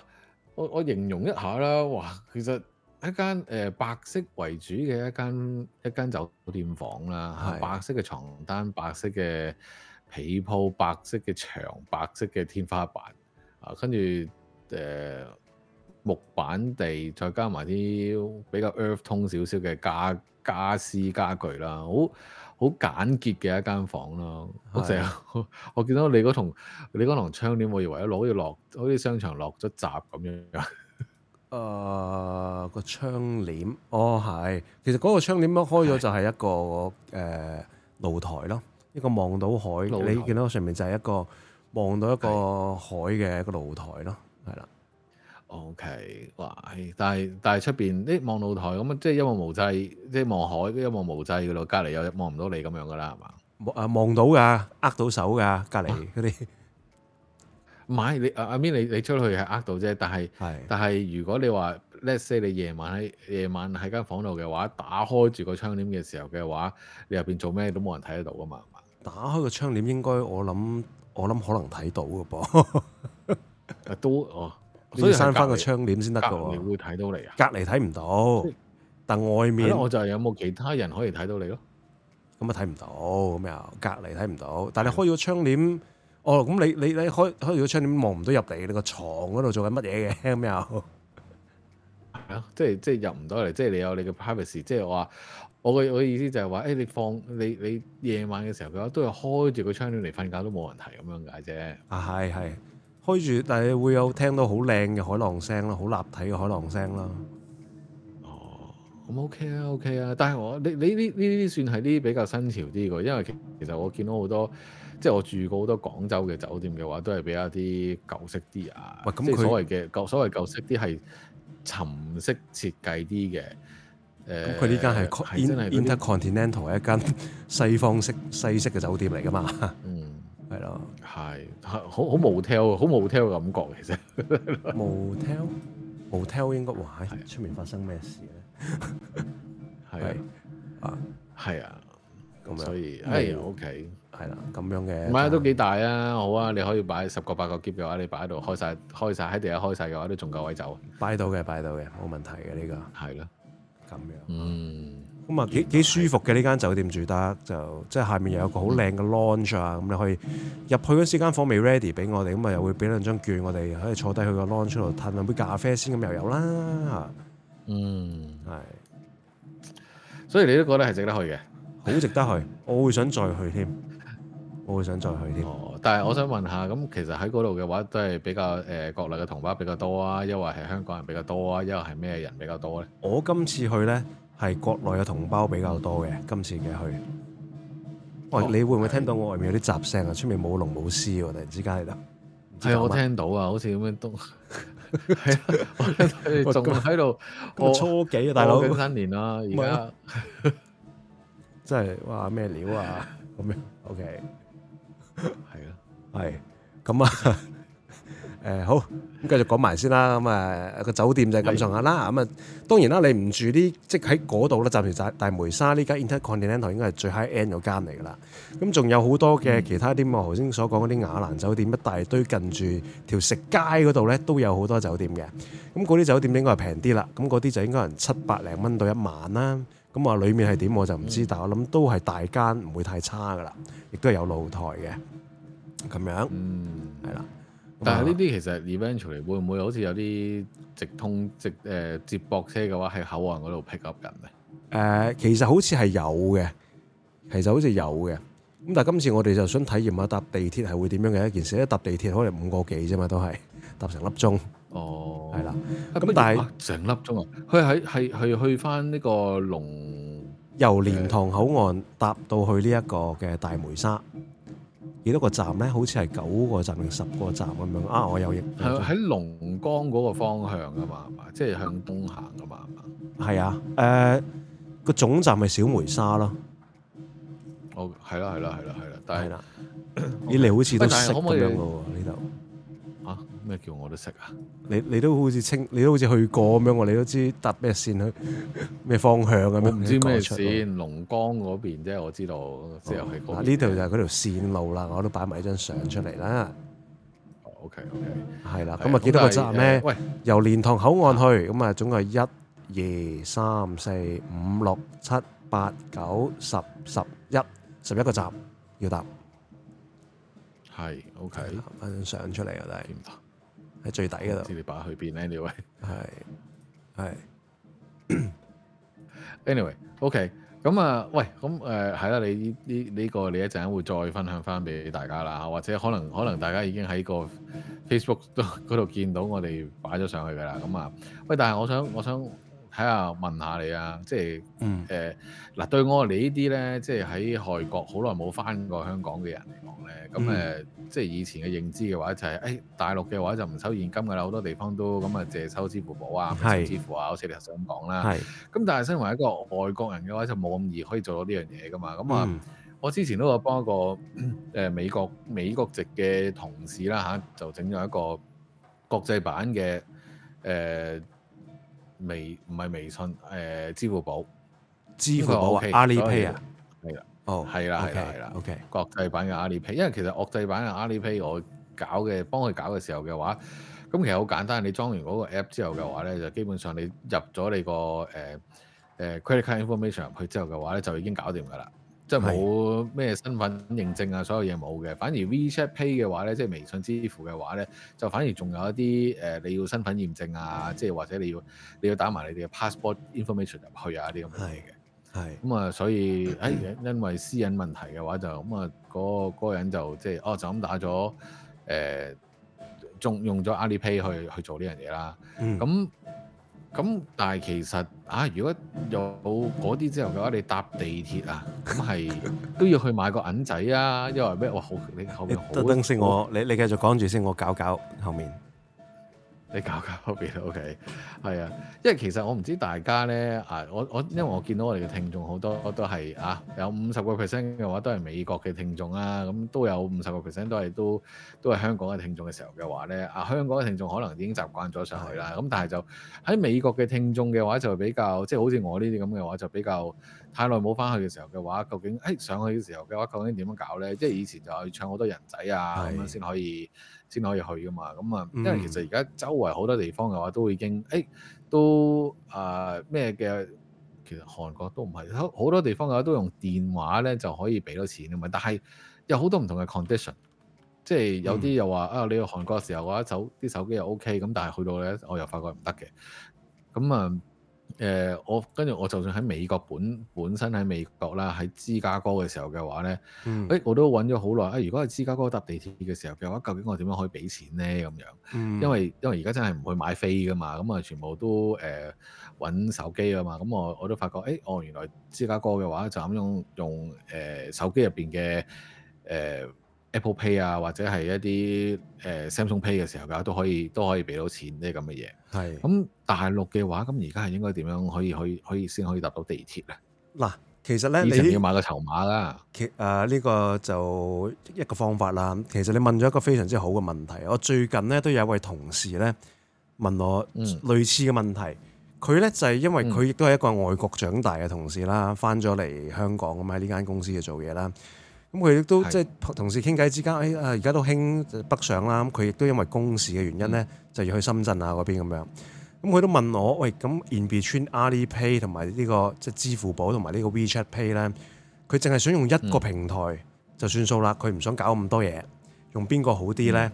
我我形容一下啦，哇，其實一間誒、呃、白色為主嘅一間一間酒店房啦，是白色嘅床單，白色嘅。起鋪白色嘅牆，白色嘅天花板，啊，跟住誒木板地，再加埋啲比較 earth 通少少嘅家家私家，家具啦，好好簡潔嘅一間房咯的。我成，我見到你嗰同你嗰窗簾，我以為一落好似落好似商場落咗閘咁樣樣。誒個、呃、窗簾，哦係，其實嗰個窗簾一開咗就係一個誒的、呃、露台咯。一個望到海，台你見到上面就係一個望到一個海嘅一個露台咯，係啦的。的 OK，哇！但係但係出邊啲望露台咁，即係一望無際，即係望海一望無際噶咯。隔離又望唔到你咁樣噶啦，係嘛？啊，望到噶，握到手噶，隔離啲唔係你阿 min，你你出去係呃到啫。但係的但係如果你話 let's say 你夜晚喺夜晚喺間房度嘅話，打開住個窗簾嘅時候嘅話，你入邊做咩都冇人睇得到噶嘛。打開個窗簾，應該我諗我諗可能睇到嘅噃。 都哦，所以閂翻個窗簾先得嘅，你會睇到嚟啊？隔離睇唔到，但外面，我就有冇其他人可以睇到你咯？咁啊睇唔到，咁又隔離睇唔到，但你開咗窗簾，的哦，咁你你你開開咗窗簾望唔到入嚟，你個床嗰度做緊乜嘢嘅？咁又係啊？即係即係入唔到嚟，即係你有你嘅 privacy，即係我話。我個我嘅意思就係話，誒、欸、你放你你夜晚嘅時候嘅話，都係開住個窗簾嚟瞓覺都冇人提咁樣解啫。啊係係，開住但係會有聽到好靚嘅海浪聲咯，好立體嘅海浪聲啦、嗯。哦，咁 OK 啊 OK 啊，但係我你你呢呢啲算係啲比較新潮啲嘅，因為其實我見到好多即係我住過好多廣州嘅酒店嘅話，都係比較啲舊式啲啊，咁係所謂嘅舊所謂舊式啲係沉式設計啲嘅。咁佢呢間係 InterContinental 係一間西方式西式嘅酒店嚟㗎嘛，嗯，係咯，係好好 motel 啊，好 motel 嘅感覺其實。motel motel 應該話喺出面發生咩事咧？係啊，係啊，咁樣，所以係 OK，係啦，咁樣嘅。唔係都幾大啊，好啊，你可以擺十個八個喼嘅話，你擺喺度開晒，開晒，喺地下開晒嘅話，都仲夠位走。擺到嘅，擺到嘅，冇問題嘅呢個，係咯。咁樣，嗯，咁啊幾幾舒服嘅呢是間酒店住得就，即係下面又有個好靚嘅 lounge 啊，咁你可以入去嗰時間房未 ready 俾我哋，咁啊又會俾兩張券我哋可以坐低去個 lounge 度嘆兩杯咖啡先，咁又有啦，嚇，嗯，係是，所以你都覺得係值得去嘅，好值得去，我會想再去添。我會想再去啲、嗯。但係我想問下，咁其實喺嗰度嘅話，都係比較誒、呃、國內嘅同胞比較多啊，因為係香港人比較多啊，一個係咩人比較多呢？我今次去呢，係國內嘅同胞比較多嘅，今次嘅去。喂、哦，哦、你會唔會聽到我外面有啲雜聲啊？出面冇龍冇獅喎、啊，突然之間喺度。係，我聽到啊，好似咁樣都。我仲喺度。過初幾啊，大佬我？新年啦，而家。真係哇！咩料啊？咁樣 OK。係啊，係，咁啊。誒、嗯、好，咁繼續講埋先啦。咁、嗯、啊，個酒店就係咁上下啦。咁啊的，當然啦，你唔住啲即喺嗰度咧，暫時大梅沙呢間 Intercontinental 應該係最 high end 嗰間嚟噶啦。咁仲有好多嘅其他啲，嗯、我頭先所講嗰啲雅蘭酒店，一大堆近住條食街嗰度咧，都有好多酒店嘅。咁嗰啲酒店應該係平啲啦。咁嗰啲就應該係七百零蚊到一晚啦。咁啊，裡面係點我就唔知，嗯、但我諗都係大間，唔會太差噶啦，亦都係有露台嘅。咁樣，嗯，係啦。但係呢啲其實 eventually 會唔會好似有啲直通直誒接駁車嘅話喺口岸嗰度 pick up 緊咧？誒，其實好似係有嘅，其實好似有嘅。咁但係今次我哋就想體驗下搭地鐵係會點樣嘅一件事。一搭地鐵可能五個幾啫嘛，都係搭成粒鐘。哦，係啦。咁但係成粒鐘啊？佢喺係係去翻呢個龍，由蓮塘口岸搭到去呢一個嘅大梅沙。幾多個站咧？好似係九個站定十個站咁樣啊！我有喎。喺龍江嗰個方向㗎嘛，係嘛？即係向東行㗎嘛，係嘛？係、呃、啊，誒個總站係小梅沙咯。哦，係啦，係啦，係啦，係啦，但係的吧你嚟好似都識咁樣嘅喎呢度。可咩叫我都識啊？你你都好似清，你都好似去過咁樣喎，你都知搭咩線去咩方向啊？唔知咩線，龍江嗰邊啫，我知道。只係嗰。呢條就係嗰條線路啦，我都擺埋一張相出嚟啦。OK，OK。係啦，咁啊幾多個站呢？由蓮塘口岸去，咁啊總共係一、二、三、四、五、六、七、八、九、十、十一、十一個站要搭。係 OK。攞返張相出嚟都係。喺最底嘅度，唔知你擺去邊咧？Anyway，係係。Anyway，OK，、okay，咁啊，喂，咁誒係啦，你呢呢呢個你一陣間會再分享翻俾大家啦，或者可能可能大家已經喺個 Facebook 度見到我哋擺咗上去嘅啦。咁啊，喂，但係我想我想睇下問下你啊，即係誒嗱，對我哋呢啲咧，即係喺外國好耐冇翻過香港嘅人嚟講咧，咁誒。嗯即係以前嘅認知嘅話，就係，就係誒大陸嘅話就唔收現金㗎啦，好多地方都咁啊，淨係收支付寶是支付啊，甚至乎啊，好似你頭先講啦。咁是但係身為一個外國人嘅話，就冇咁易可以做到呢樣嘢㗎嘛。咁啊，嗯、我之前都有幫一個誒、呃、美國美國籍嘅同事啦嚇、啊，就整咗一個國際版嘅誒、呃、微唔係微信誒、呃、支付寶，支付寶啊 Alipay 啊，係啦以。哦，係啦，係啦，係啦。OK. 國際版嘅 Alipay，因為其實國際版嘅 Alipay 我搞嘅，幫佢搞嘅時候嘅話，咁其實好簡單。你裝完嗰個 app 之後嘅話呢，就基本上你入咗你個誒誒 credit card information 入去之後嘅話呢，就已經搞掂㗎啦。即係冇咩身份認證啊，所有嘢冇嘅。反而 WeChat Pay 嘅話呢，即係微信支付嘅話呢，就反而仲有一啲誒你要身份驗證啊，即係或者你要你要打埋你哋嘅 passport information 入去啊啲咁嘅。係，咁啊是，嗯、所以誒、哎，因為私隱問題嘅話就，就咁啊，嗰、那個人就即係哦，就咁打咗誒，仲、呃、用咗阿里 Pay 去去做呢樣嘢啦。咁咁、嗯，但係其實啊，如果有嗰啲之後嘅話，你搭地鐵啊，咁係都要去買個銀仔啊，因為咩？哇、哦，後你後面好、啊。得等，等我你你繼續講住先，我搞搞後面。你搞搞嗰邊 OK，係啊，因為其實我唔知大家咧啊，我我因為我見到我哋嘅聽眾好多都係啊，有五十個 percent 嘅話都係美國嘅聽眾啊。咁都有五十個 percent 都係都都係香港嘅聽眾嘅時候嘅話咧，啊、啊香港嘅聽眾可能已經習慣咗上去啦，咁的但係就喺美國嘅聽眾嘅話就比較即係、就是、好似我呢啲咁嘅話就比較太耐冇翻去嘅時候嘅話，究竟誒、哎、上去嘅時候嘅話究竟點樣搞咧？即、就、係、是、以前就係唱好多人仔啊咁樣先可以。先可以去噶嘛，咁啊，因為其實而家周圍好多地方嘅話都已經，誒、嗯，都啊咩嘅，其實韓國都唔係，好多地方嘅話都用電話咧就可以俾到錢嘅嘛，但係有好多唔同嘅 condition，即係有啲又話、嗯、啊，你去韓國時候嘅話，手啲手機又 OK，咁但係去到咧，我又發覺唔得嘅，咁啊。誒、呃、我跟住我就算喺美國本本身喺美國啦，喺芝加哥嘅時候嘅話呢，誒、嗯欸、我都揾咗好耐。誒、啊、如果喺芝加哥搭地鐵嘅時候嘅話，究竟我點樣可以俾錢呢？咁樣？因為因為而家真係唔會買飛噶嘛，咁、嗯、啊全部都誒揾、呃、手機啊嘛。咁、嗯、我我都發覺，誒、欸、我原來芝加哥嘅話就咁用用誒、呃、手機入邊嘅誒。呃 Apple Pay 啊，或者係一啲誒、呃、Samsung Pay 嘅時候嘅，都可以都可以俾到錢呢啲咁嘅嘢。係咁是大陸嘅話，咁而家係應該點樣可以可以可以先可以搭到地鐵咧？嗱，其實咧，你以前要買個籌碼啦。其誒呢、呃呢個就一個方法啦。其實你問咗一個非常之好嘅問題。我最近咧都有一位同事咧問我類似嘅問題。佢咧、嗯、就係、是、因為佢亦都係一個外國長大嘅同事啦，翻咗嚟香港咁喺呢間公司去做嘢啦。咁佢亦都即係同事傾偈之間，誒而家都興北上啦。咁佢亦都因為公事嘅原因咧，嗯、就要去深圳啊嗰邊咁樣。咁佢都問我，喂，咁 in Inbit、這個、Alipay 同埋呢個即係支付寶同埋呢個 WeChat Pay 咧，佢淨係想用一個平台、嗯、就算數啦。佢唔想搞咁多嘢，用邊個好啲咧？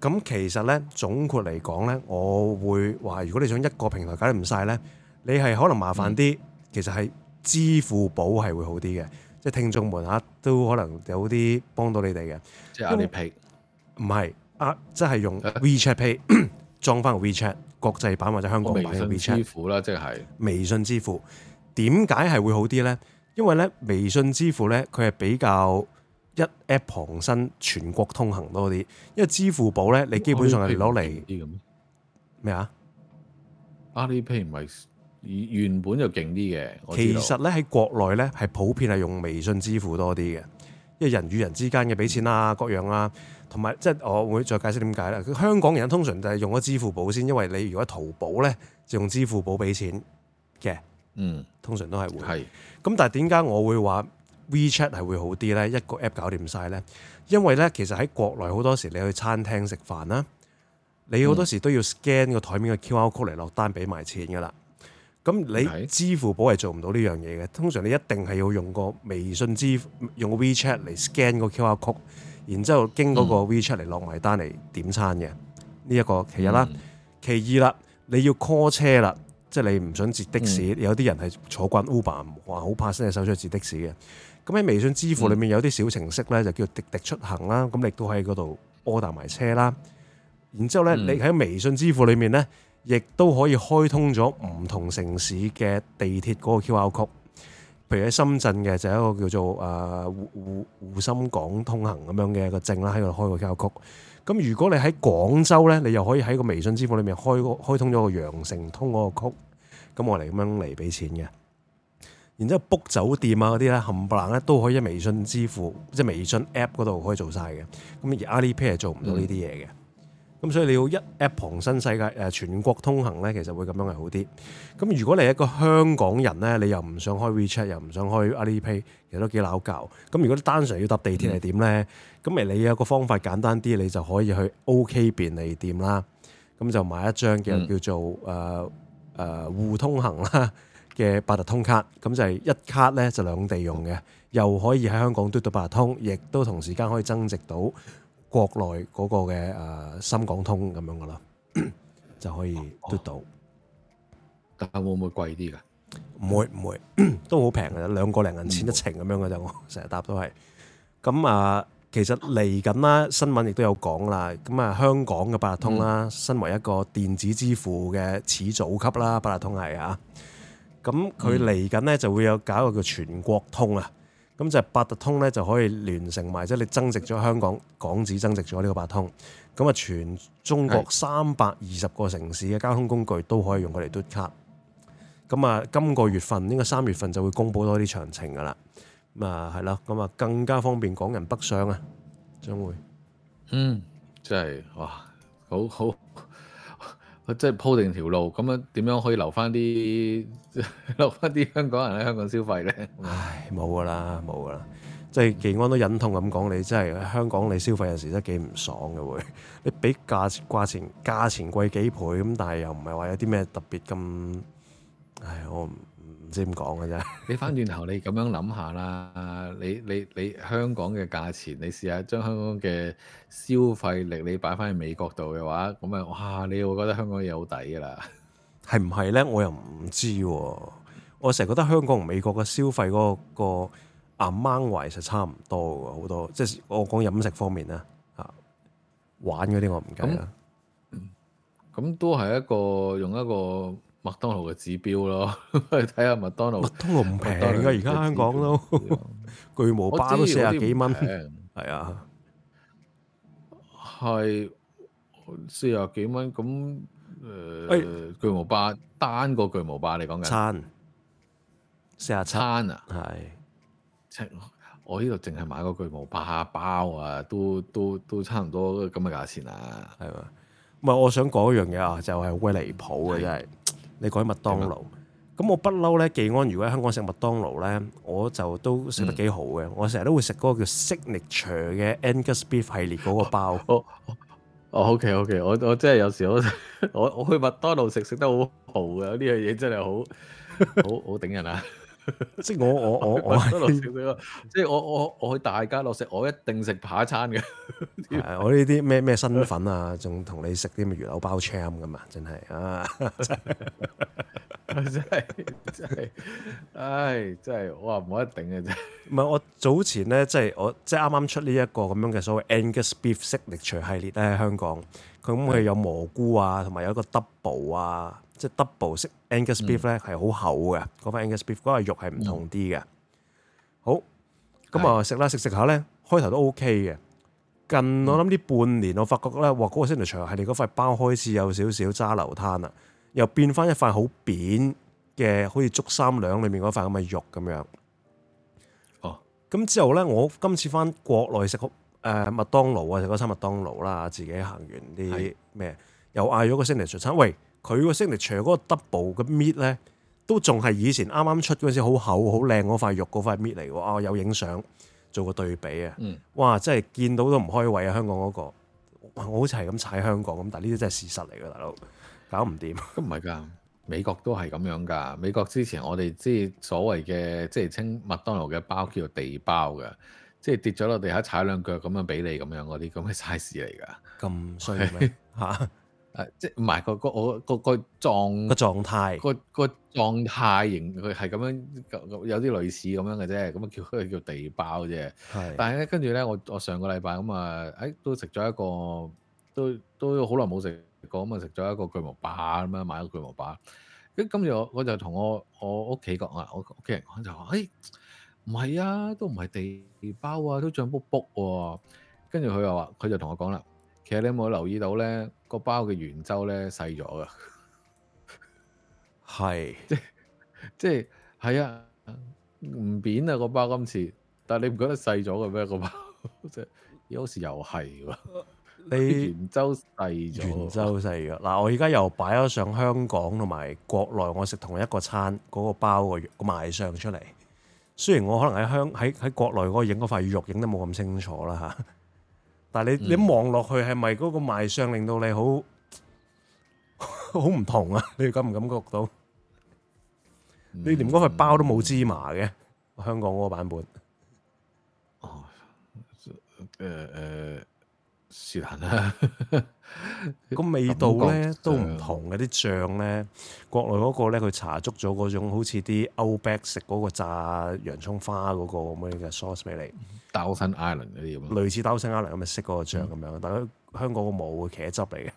咁、嗯、其實咧總括嚟講咧，我會話，如果你想一個平台搞得唔晒咧，你係可能麻煩啲。嗯、其實係支付寶係會好啲嘅。即係聽眾們吓都可能有啲幫到你哋嘅，即係阿里 Pay 唔係，阿即係用 WeChat Pay 裝翻個 WeChat 國際版或者香港版嘅 WeChat 支付啦，We Chat, 即係是微信支付點解係會好啲咧？因為咧微信支付咧佢係比較一 app 傍身全國通行多啲，因為支付寶咧你基本上係攞嚟咩啊？阿里 Pay 唔係？麼原本就勁啲嘅，其實咧喺國內咧係普遍係用微信支付多啲嘅，因為人與人之間嘅俾錢啊、嗯、各樣啊，同埋即係我會再解釋點解咧。香港人通常就係用咗支付寶先，因為你如果淘寶咧就用支付寶俾錢嘅，嗯，通常都係會係咁。嗯、但係點解我會話 WeChat 係會好啲咧？一個 App 搞掂晒咧，因為咧其實喺國內好多時你去餐廳食飯啦，你好多時都要 scan 個台面嘅 QR code 嚟落單俾埋錢噶啦。咁你支付寶係做唔到呢樣嘢嘅，通常你一定係要用個微信支付，用個 WeChat 嚟 scan 個，sc 個 QR code，然之後經嗰個 WeChat 嚟落埋單嚟點餐嘅。呢一、嗯、個其一啦，嗯、其二啦，你要 call 車啦，即係你唔准截的士，嗯、有啲人係坐慣 Uber，話好怕伸隻手出去截的士嘅。咁喺微信支付裏面有啲小程式咧，嗯、就叫滴滴出行啦，咁你都喺嗰度 order 埋車啦。然之後咧，嗯、你喺微信支付裏面咧。亦都可以開通咗唔同城市嘅地鐵嗰個 QR Code，譬如喺深圳嘅，就一個叫做誒湖湖深港通行咁樣嘅一個證啦，喺度開個 QR Code。咁如果你喺廣州呢，你又可以喺個微信支付裏面開開通咗個羊城通嗰個 Code，咁我嚟咁樣嚟俾錢嘅。然之後 book 酒店啊嗰啲呢，冚唪唥咧都可以喺微信支付，即係微信 App 嗰度可以做晒嘅。咁而 Alipay 係做唔到呢啲嘢嘅。嗯咁所以你要一 app 新世界誒全國通行咧，其實會咁樣係好啲。咁如果你係一個香港人咧，你又唔想開 WeChat，又唔想開 Alipay，其實都幾撈教。咁如果你單純要搭地鐵係點咧？咁咪你有個方法簡單啲，你就可以去 OK 便利店啦，咁就買一張嘅叫做誒誒互通行啦嘅八達通卡。咁就係一卡咧就兩地用嘅，又可以喺香港嘟到八達通，亦都同時間可以增值到。國內嗰個嘅誒、啊、深港通咁樣噶啦，就可以嘟到。哦、但係會唔會貴啲噶？唔會唔會，會都好平嘅，兩個零銀錢一程咁樣嘅咋。我成日搭都係。咁啊，其實嚟緊啦，新聞亦都有講啦。咁啊，香港嘅八達通啦，嗯、身為一個電子支付嘅始祖級啦，八達通係啊。咁佢嚟緊呢，嗯、就會有搞一個叫全國通啊。咁就係八達通咧，就可以連成埋，即係你增值咗香港港紙，增值咗呢個八通，咁啊，全中國三百二十個城市嘅交通工具都可以用佢嚟嘟卡。咁啊，今個月份應該三月份就會公布多啲詳情噶啦。咁啊，係囉，咁啊，更加方便港人北上啊，將會，嗯，真係哇，好好。佢即係鋪定條路，咁樣點樣可以留翻啲 留翻啲香港人喺香港消費呢？唉，冇噶啦，冇噶啦，嗯、即係技安都忍痛咁講你真，即係香港你消費有時真係幾唔爽嘅會，你比價價錢價錢貴幾倍咁，但係又唔係話有啲咩特別咁，唉，我唔。唔知點講嘅啫？你翻轉頭，你咁樣諗下啦，你你你香港嘅價錢，你試下將香港嘅消費力你擺翻去美國度嘅話，咁啊哇，你會覺得香港嘢好抵㗎啦，係唔係咧？我又唔知喎、啊。我成日覺得香港同美國嘅消費嗰、那個個 amount way 實差唔多嘅好多即係、就是、我講飲食方面咧嚇，玩嗰啲我唔敢啦。嗯，咁、嗯嗯嗯、都係一個用一個。麥當勞嘅指標咯，去睇下麥當勞。麥當勞唔平噶，而家香港都 巨無霸都四十幾蚊。平。係啊，係四十幾蚊咁。誒，呃哎、巨無霸，單個巨無霸你講緊餐四啊餐啊，係是。我我呢度淨係買個巨無霸包啊，都都都，都差唔多咁嘅價錢啊，係嘛？唔係，我想講一樣嘢啊，就係好鬼離譜嘅，真係是。是你講起麥當勞，咁麼我不嬲呢。技安如果喺香港食麥當勞呢，我就都食得幾好嘅。嗯、我成日都會食嗰個叫 Signature 嘅 Angus Beef 系列嗰個包。哦，哦，哦，OK OK，我我真係有時 我我去麥當勞食食得豪、這個、好豪嘅，呢樣嘢真係好好好頂人啊！ 即係我我我我即係我我我去大家樂食，我一定食扒餐嘅。係我呢啲咩咩身份啊，仲同你食啲咩魚柳包 cham 咁啊？真係啊，真係真係，唉，真係我話唔好一定嘅啫。唔係我早前咧，即係我即係啱啱出呢一個咁樣嘅所謂 Angus Beef Signature 系列咧，喺香港佢咁佢有蘑菇啊，同埋有一個 double 啊。即係 double 式 Angus beef 咧係好厚嘅，嗰、嗯、塊 Angus beef 嗰塊肉係唔同啲嘅。嗯、好，咁啊食啦，食食下咧，開頭都 OK 嘅。近、嗯、我諗呢半年，我發覺咧，哇嗰、嗰個 signature 係你嗰塊包開始有少少渣流攤啦，又變翻一塊好扁嘅，好似竹三兩裏面嗰塊咁嘅肉咁樣。哦，咁之後咧，我今次翻國內食誒、呃、麥當勞啊，食嗰餐麥當勞啦，自己行完啲咩，又嗌咗個 signature 餐，喂～佢個聲力除咗嗰個 double 嘅 meat 咧，都仲係以前啱啱出嗰陣時好厚好靚嗰塊肉嗰塊 meat 嚟喎。啊，有影相做個對比啊！嗯、哇，真係見到都唔開胃啊！香港嗰、嗰個，我好似係咁踩香港咁，但係呢啲真係事實嚟㗎，大佬搞唔掂。唔係㗎，美國都係咁樣㗎。美國之前我哋即係所謂嘅即係稱麥當勞嘅包叫做地包嘅，即係跌咗落地下踩兩腳咁樣俾你咁樣嗰啲，咁嘅 size 嚟㗎。咁衰咩？即係唔係個、個我個、個狀個狀態個、個狀態型佢係咁樣有啲類似咁樣嘅啫，咁啊叫佢叫地包啫。係，但係咧跟住咧，我我上個禮拜咁啊，誒、哎、都食咗一個，都都好耐冇食過，咁啊食咗一個巨無霸咁樣買咗巨無霸。跟住我我就同我我屋企講啊，我屋企人，講就話誒唔係啊，都唔係地包啊，都脹卜卜喎。跟住佢又話，佢就同我講啦。其實你有冇留意到呢？個包嘅圓周咧細咗噶，係 是 即即係係啊，唔扁啊個包今次、啊，但係、啊、你唔覺得細咗嘅咩個包啫？好似有時又係喎，你圓周細圓周細咗嗱，我而家又擺咗上香港同埋國內，我食同一個餐嗰個包個賣相出嚟。雖然我可能喺香喺喺國內個影嗰塊肉影得冇咁清楚啦吓。 但係你、嗯、你望落去係咪嗰個賣相令到你好好唔同啊？你感唔感覺到？嗯、你連嗰個包都冇芝麻嘅、嗯、香港嗰個版本。哦，誒、呃、誒，是但、呃、啦。 個味道咧、嗯、都唔同嘅，啲醬咧，國內嗰個咧佢查足咗嗰種好似啲歐巴食嗰個炸洋蔥花嗰、那個咁樣嘅 sauce 俾你，島身 island 嗰啲咁，類似島身 island 咁嘅、嗯、色嗰個醬咁樣，嗯、但係香港個冇茄汁嚟嘅、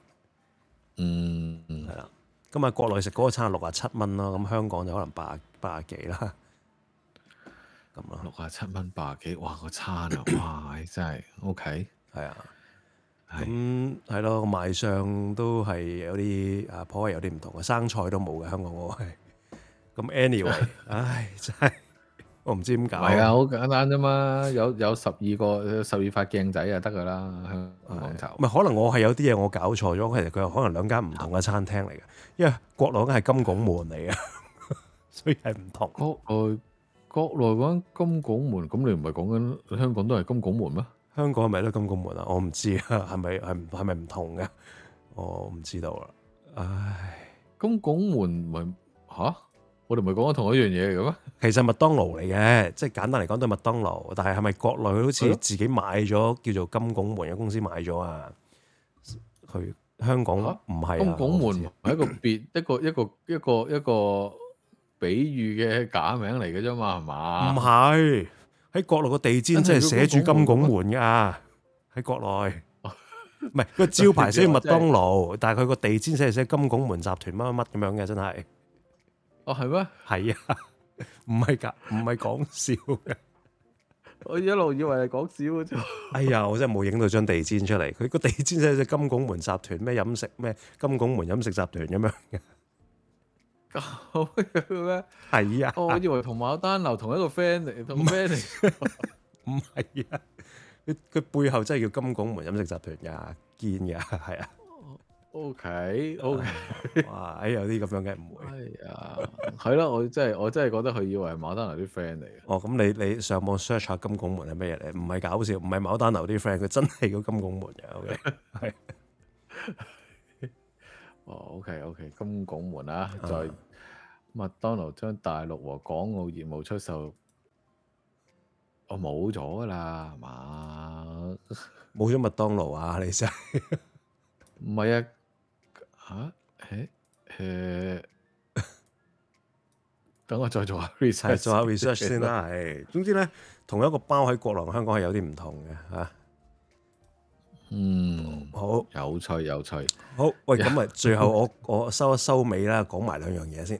嗯，嗯，係啦，咁啊，國內食嗰個餐六啊七蚊咯，咁香港就可能八啊八幾啦，咁咯，六啊七蚊八啊幾，哇個餐啊，哇真係，ok，係啊。咁係咯，賣相都係有啲啊，頗為有啲唔同嘅，生菜都冇嘅香港我係。咁 anyway， 唉，真係我唔知點搞。係啊，好簡單啫嘛，有有十二個十二塊鏡仔就得噶啦，香港頭。唔係的的，可能我係有啲嘢我搞錯咗，其實佢可能兩間唔同嘅餐廳嚟嘅，因為國內嘅係金拱門嚟啊， 所以係唔同國內。國內國內嗰間金拱門，咁你唔係講緊香港都係金拱門咩？香港係咪咧金拱門啊？我唔知啊，係咪係唔係咪唔同嘅？我唔知道啦。唉，金拱門唔係吓？我哋唔係講緊同一樣嘢嘅咩？其實麥當勞嚟嘅，即係簡單嚟講都係麥當勞。但係係咪國內好似自己買咗叫做金拱門嘅公司買咗的啊？佢香港唔係金拱門，係一個別 一個一個一個一個，一個比喻嘅假名嚟嘅啫嘛？係嘛？唔係。喺國內個地氈真係寫住金拱門噶，喺國內唔係個招牌寫住麥當勞，但係佢個地氈寫係寫金拱門集團乜乜乜咁樣嘅，真係？哦，係咩？係啊，唔係噶，唔係講笑嘅啫，我一路以為係講笑嘅啫。哎呀，我真係冇影到張地氈出嚟，佢個地氈寫係只金拱門集團咩飲食咩金拱門飲食集團咁樣嘅。咁咩？係啊，我以為同牡丹樓同一個 friend 嚟，是同 friend 嚟，唔係 啊！佢佢背後真係叫金拱門飲食集團㗎，堅㗎，係啊。OK，OK，Okay, okay. 哇！哎，有啲咁樣嘅誤會，係、哎、呀 啊，係咯。我真係我真係覺得佢以為係牡丹樓啲 friend 嚟嘅。哦，咁你你上網 search 下金拱門係咩嘢嚟？唔係搞笑，唔係牡丹樓啲 friend，佢真係叫金拱門嘅。OK，係、 哦。哦、okay,，OK，OK，、okay, 金拱門啊，再。 麥當勞將大陸和港澳業務出售。我沒有，我冇咗啦，係嘛、啊？冇咗麥當勞啊？你真係唔係啊、欸欸？等我再做下 research， 做下 research 先啦。係， 總之呢，同一個包喺國內香港係有啲唔同嘅。嗯，好有趣，有趣。好，喂，咁啊、嗯，最後我我收一收尾啦，講埋兩樣嘢先。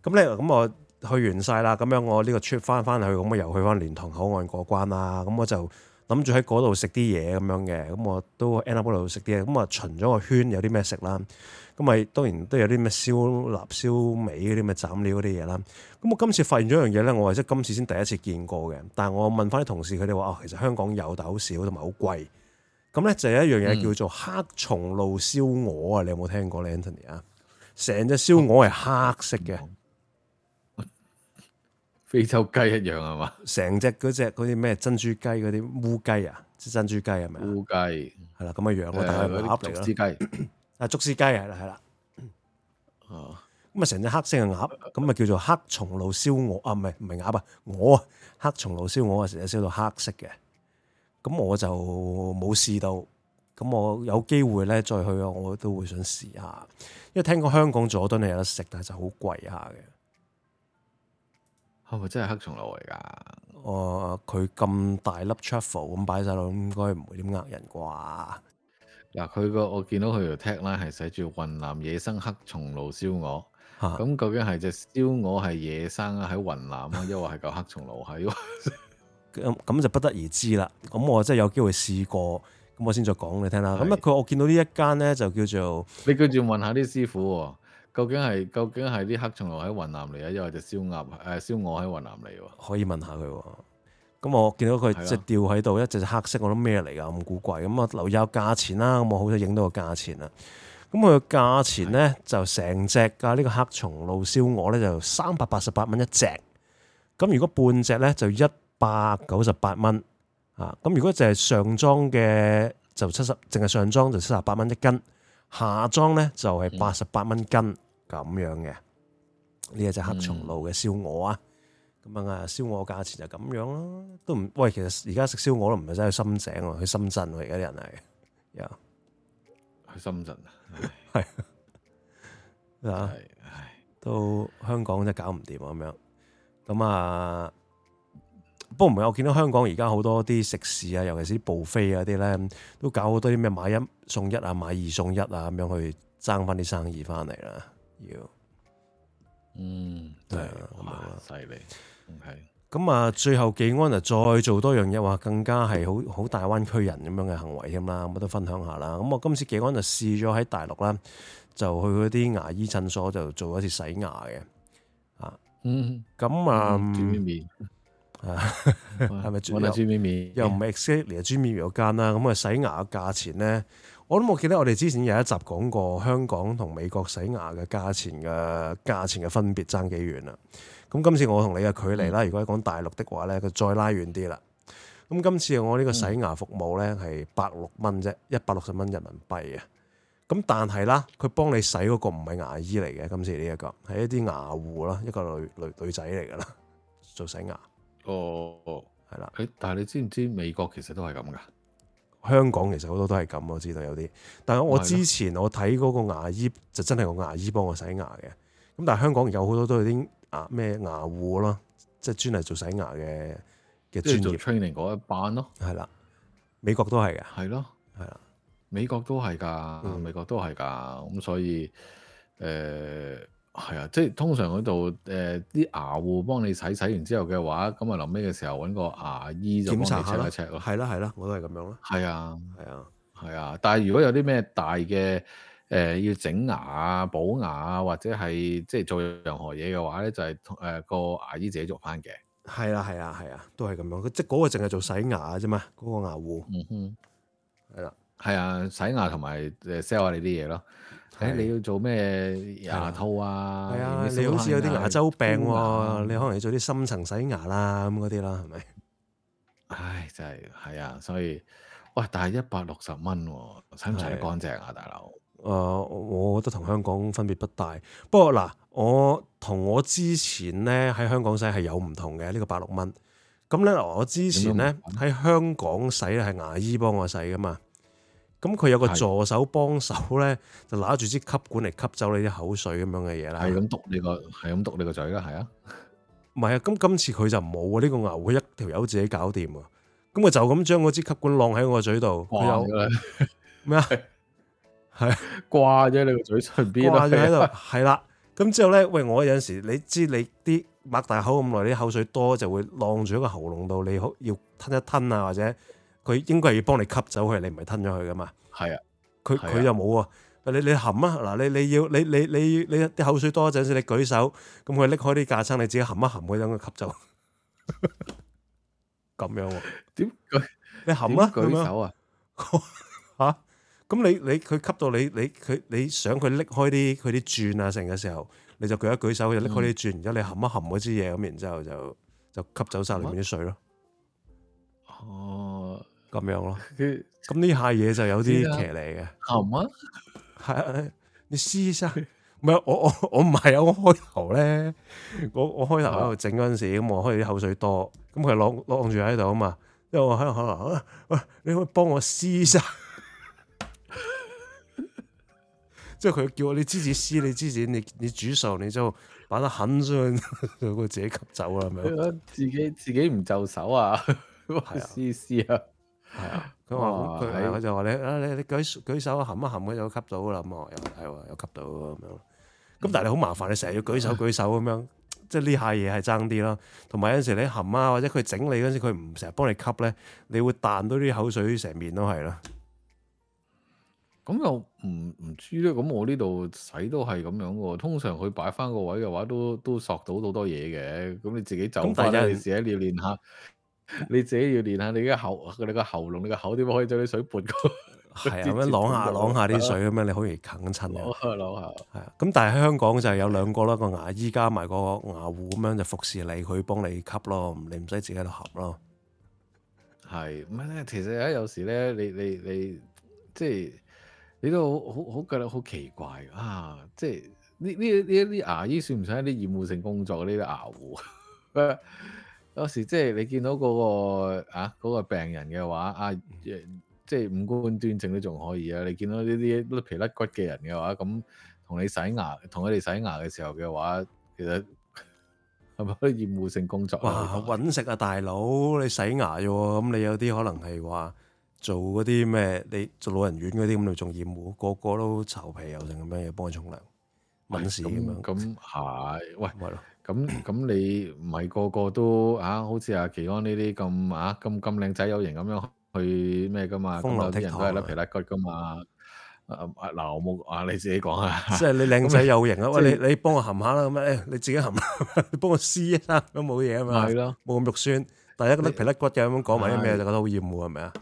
咁咧，咁 我去完晒啦，咁樣我呢個 trip 翻翻去，咁啊又去翻蓮塘口岸過關啦。咁我就諗住喺嗰度食啲嘢咁樣嘅，咁我都 end up 喺嗰度食啲嘢。咁啊巡咗個圈有，有啲咩食啦？咁咪當然都有啲咩燒臘、燒味嗰啲咩斬料嗰啲嘢啦。咁我今次發現咗樣嘢咧，我話即係今次先第一次見過嘅。但係我問翻啲同事，佢哋話啊，其實香港有，但係好少，同埋好貴。咁咧就有一樣嘢叫做黑松露燒鵝啊！你有冇聽過咧，Anthony 啊？成隻燒鵝係黑色嘅， 非洲雞一樣係嘛？成隻嗰隻嗰啲咩珍珠雞嗰啲烏雞啊？啲珍珠雞係咪啊？烏雞係啦，咁嘅樣咯，但係冇鴨嚟啦。竹絲雞啊，竹絲雞係啦係啦。哦、啊，咁雞啊成隻黑色嘅鴨，咁啊叫做黑松露燒鵝啊？唔係唔係鴨啊，鵝我黑松露燒鵝啊成隻燒到黑色嘅。咁我就冇試到，咁我有機會咧再去，我都會想試下，因為聽講香港佐敦係有得食，但係就好貴下嘅。係咪真係黑松露嚟噶？我佢咁大粒 truffle 咁擺晒落，應該唔會點呃人啩？嗱、那個，佢個我見到佢條 tag 咧係寫住雲南野生黑松露燒鵝，咁、啊、究竟係隻燒鵝係野生啊喺雲南啊，抑或係個黑松露喺？ 咁就不得而知啦。咁我真係有機會試過，咁我先再講你聽啦。咁啊的，佢我見到一呢一間咧就叫做，你叫住問下啲師傅、哦，究竟係究竟係啲黑松露喺雲南嚟？啊，一係就燒鴨誒燒鵝喺雲南嚟㗎？啊？可以問下佢，哦。咁我見到佢即係吊喺度，的一隻黑色，我諗咩嚟噶咁古怪。咁啊留意下價錢啦。咁我好彩影到個價錢啦。咁佢個價錢咧的就成隻噶呢個黑松露燒鵝咧就三百八十八蚊一隻。咁如果半隻咧就一。八九十八蚊啊！咁如果淨係上裝嘅就七十，淨係上裝就七十八蚊一斤，下裝咧就係八十八蚊斤咁、嗯、樣嘅。呢一隻黑松露嘅燒鵝啊，咁啊、嗯、燒鵝價錢就咁樣啦、啊，都唔喂。其實而家食燒鵝都唔係真係去深井啊，去深圳啊而家啲人係，去深圳啊，係啊，係唉，到香港真係搞唔掂咁樣，咁啊。不過唔係，我見到香港而家好多啲食肆啊，尤其是啲布飛啊啲咧，都搞好多啲咩買一送一啊，買二送一啊咁樣去爭翻啲生意翻嚟啦。要，嗯，係，對哇，犀利對，係。咁啊，最後技安啊，再做多樣嘢，話更加係好好大灣區人咁樣嘅行為添啦。咁都分享下啦。咁我今次技安就試咗喺大陸啦，就去嗰啲牙醫診所就做一次洗牙嘅。啊，嗯，咁啊，啊，係咪專又唔係 exactly 專咪咪嗰間啦？咁啊，洗牙嘅價錢呢？我都冇記得，我哋之前有一集講過香港同美國洗牙嘅價錢嘅價錢嘅分別爭幾遠啦。咁今次我同你嘅距離啦，嗯、如果講大陸的話呢，佢再拉遠啲啦。咁今次我呢個洗牙服務呢，係百六蚊啫，一百六十蚊人民幣啊。咁但係啦，佢幫你洗嗰個唔係牙醫嚟嘅，今次呢、呢個、一個係一啲牙護啦，一個女女女仔嚟噶啦，做洗牙。哦，係啦。但係你知唔知美國其實都係咁噶？香港其實好多都係咁，我知道有啲。但係我之前我睇嗰個牙醫，就真係個牙醫幫我洗牙嘅。咁但係香港有好多都係啲牙咩牙護咯，即係專係做洗牙嘅嘅專業 training 嗰一班咯、啊。係啦，美國都係嘅。係咯，係啦，美國都係㗎。美國都係㗎。咁、嗯、所以誒。呃係啊，即係通常嗰度誒啲牙護幫你洗洗完之後嘅話，咁啊臨尾嘅時候揾個牙醫就幫你 check 下咯。檢查下啦。係啦係啦，我都係咁樣咯。係啊係啊係啊，但係如果有啲咩大嘅誒要整牙啊、補牙啊，或者係即係做任何嘢嘅話咧，就係誒個牙醫自己做翻嘅。係啦係啊，係啊，都係咁樣。即嗰個淨係做洗牙嘅啫嘛，嗰個牙護。嗯哼。係啦。係啊，洗牙同埋誒 sell 下你啲嘢咯。誒、哎，你要做咩牙，牙套啊？係啊，你好似有啲牙周病喎、啊，啊、你可能要做啲深層洗牙啦，咁嗰啲啦，係咪？唉、哎，真係，係啊，所以，喂，但係一百六十蚊，洗唔洗得乾淨啊，大佬？誒，我覺得同香港分別不大，不過嗱，我同我之前咧喺香港洗係有唔同嘅，這個、呢個百六蚊。咁咧我之前咧喺香港洗咧係牙醫幫我洗㗎嘛。咁佢有個助手幫手咧，就拿住、啊啊這個、支吸管嚟吸走你啲口水咁樣嘅嘢啦。係咁篤你個，係咁篤你個嘴啦，係啊。唔係啊，咁今次佢就冇啊，呢個牛佢一條友自己搞掂啊。咁佢就咁將嗰支吸管晾喺我個嘴度，佢有咩啊？係掛咗你個嘴唇邊，掛咗喺度。係啦，咁之後咧，喂，我有陣時你知你啲擘大口咁耐，啲口水多，就會晾住喺個喉嚨度，你好要吞一吞啊，或者。佢應該係要幫你吸走佢，你唔係吞咗佢噶嘛？係啊，佢佢又冇喎。你你含啊嗱，你你要你你你你啲口水多一陣先，你舉手，咁佢拎開啲架撐，你自己含一含佢，等佢吸走。咁樣喎？點舉？你含啊？舉手啊？嚇？咁你你佢吸到你你佢你想佢拎開啲佢啲轉啊成嘅時候，你就舉一舉手，佢就拎開啲轉。然之後你含一含嗰支嘢，咁然之後就就吸走曬裏面啲水咯。哦。咁樣咯，咁呢 下嘢就有啲奇嚟嘅，含啊，係 啊，你撕生，唔係我我我唔係啊，我開頭咧，我我開頭喺度整嗰陣時，咁我開啲口水多，咁佢攞攞住喺度啊嘛，因為我喺度可能，喂、啊，你可以幫我撕一 即係佢叫我你自己撕，你自己，你你舉手，你就擺得啃出去，佢自己吸走啦，係咪？自己自己唔就手啊，咁係啊，撕撕啊。係啊，佢話佢就話你啊，你的你舉舉手含一含，佢就吸到啦，咁啊又係話又吸到咁樣。咁但係你好麻煩，你成日要舉手舉手咁樣，即係呢下嘢係爭啲咯。同埋有陣時你含啊，或者佢整你嗰陣時佢唔成日幫你吸咧，你會彈到啲口水成面都係咯。咁又唔唔知咧。咁我呢度使都係咁樣喎。通常佢擺翻個位嘅話都，都都索到好多嘢嘅。咁你自己就，走翻嚟試，試練一練練下。.你自己要練下，你嘅喉，你個喉嚨，你個口點樣可以將啲水撥過？係啊，咁樣啷下啷下啲水咁樣，你好容易啃親。啷下，係啊。咁、啊、但係香港就係有兩個啦，個牙醫加埋個牙護咁樣就服侍你，佢幫你吸咯，你唔使自己喺度合咯。係咁咧，其實咧有時咧，你你你，你即係你都好好好覺得好奇怪啊！即係呢呢呢啲牙醫算唔算一啲厭惡性工作？呢啲牙護。 有時即係你見到嗰，那個啊嗰，那個，病人嘅話啊，即係五官端正都仲可以啊！你見到呢啲甩皮甩骨嘅人嘅話，咁同你洗牙，同佢哋洗牙嘅時候嘅話，其實係咪可以厭惡性工作啊？揾食啊，大佬！你洗牙啫喎，咁你有啲可能係話做嗰啲咩？你做老人院嗰啲咁，你仲厭惡個個都籌皮油成咁樣嘢幫佢沖涼、吻屎咁樣。咁係，喂。咁咁你唔係個個都啊，好似阿技安呢啲咁啊咁咁靚仔有型咁樣去咩噶嘛？風流啲人都係甩皮甩骨噶嘛。啊嗱，我冇啊，你自己講下。即係你靚仔有型啊，喂你你幫我含下啦咁啊，你自己含下，你幫我撕一下，都冇嘢啊嘛。係咯，冇咁肉酸。但係一甩皮甩骨嘅咁講埋啲咩，就覺得好厭惡係咪啊？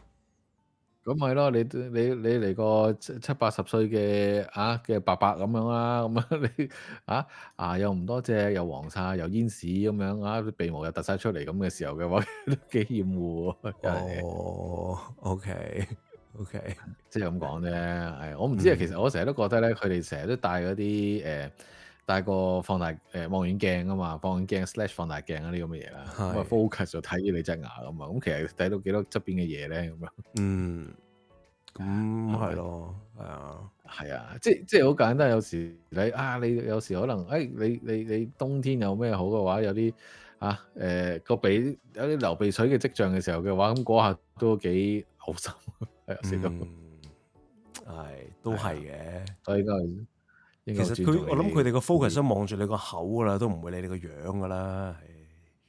咁咪咯，你你你嚟個七七八十歲嘅啊嘅伯伯咁樣啦，咁樣你啊啊又唔多隻，又黃曬，又煙屎咁樣啊，鼻毛又突曬出嚟咁嘅時候嘅話、啊，都幾厭惡。哦、oh，OK OK，即係咁講啫。係，我唔知啊。嗯、其實我成日都覺得咧，佢哋成日都戴嗰啲誒。呃戴個放大誒望遠鏡啊嘛，望遠鏡、放遠鏡 slash 放大鏡啊啲咁嘅嘢啦，咁啊 focus 就睇住你隻牙咁嘛。咁其實睇到幾多側邊嘅嘢咧咁啊。嗯，咁係咯，係、嗯、啊，係啊，即係即係好簡單。有時你啊，你有時可能誒、哎，你你你冬天有咩好嘅話，有啲啊誒、呃、個鼻有啲流鼻水嘅跡象嘅時候嘅話，咁嗰下都幾好心，係啊，是都，係、嗯哎、都係嘅、啊，所以而其實佢我諗佢哋個 focus 都望住你個口噶啦，都唔會理你個樣噶啦。係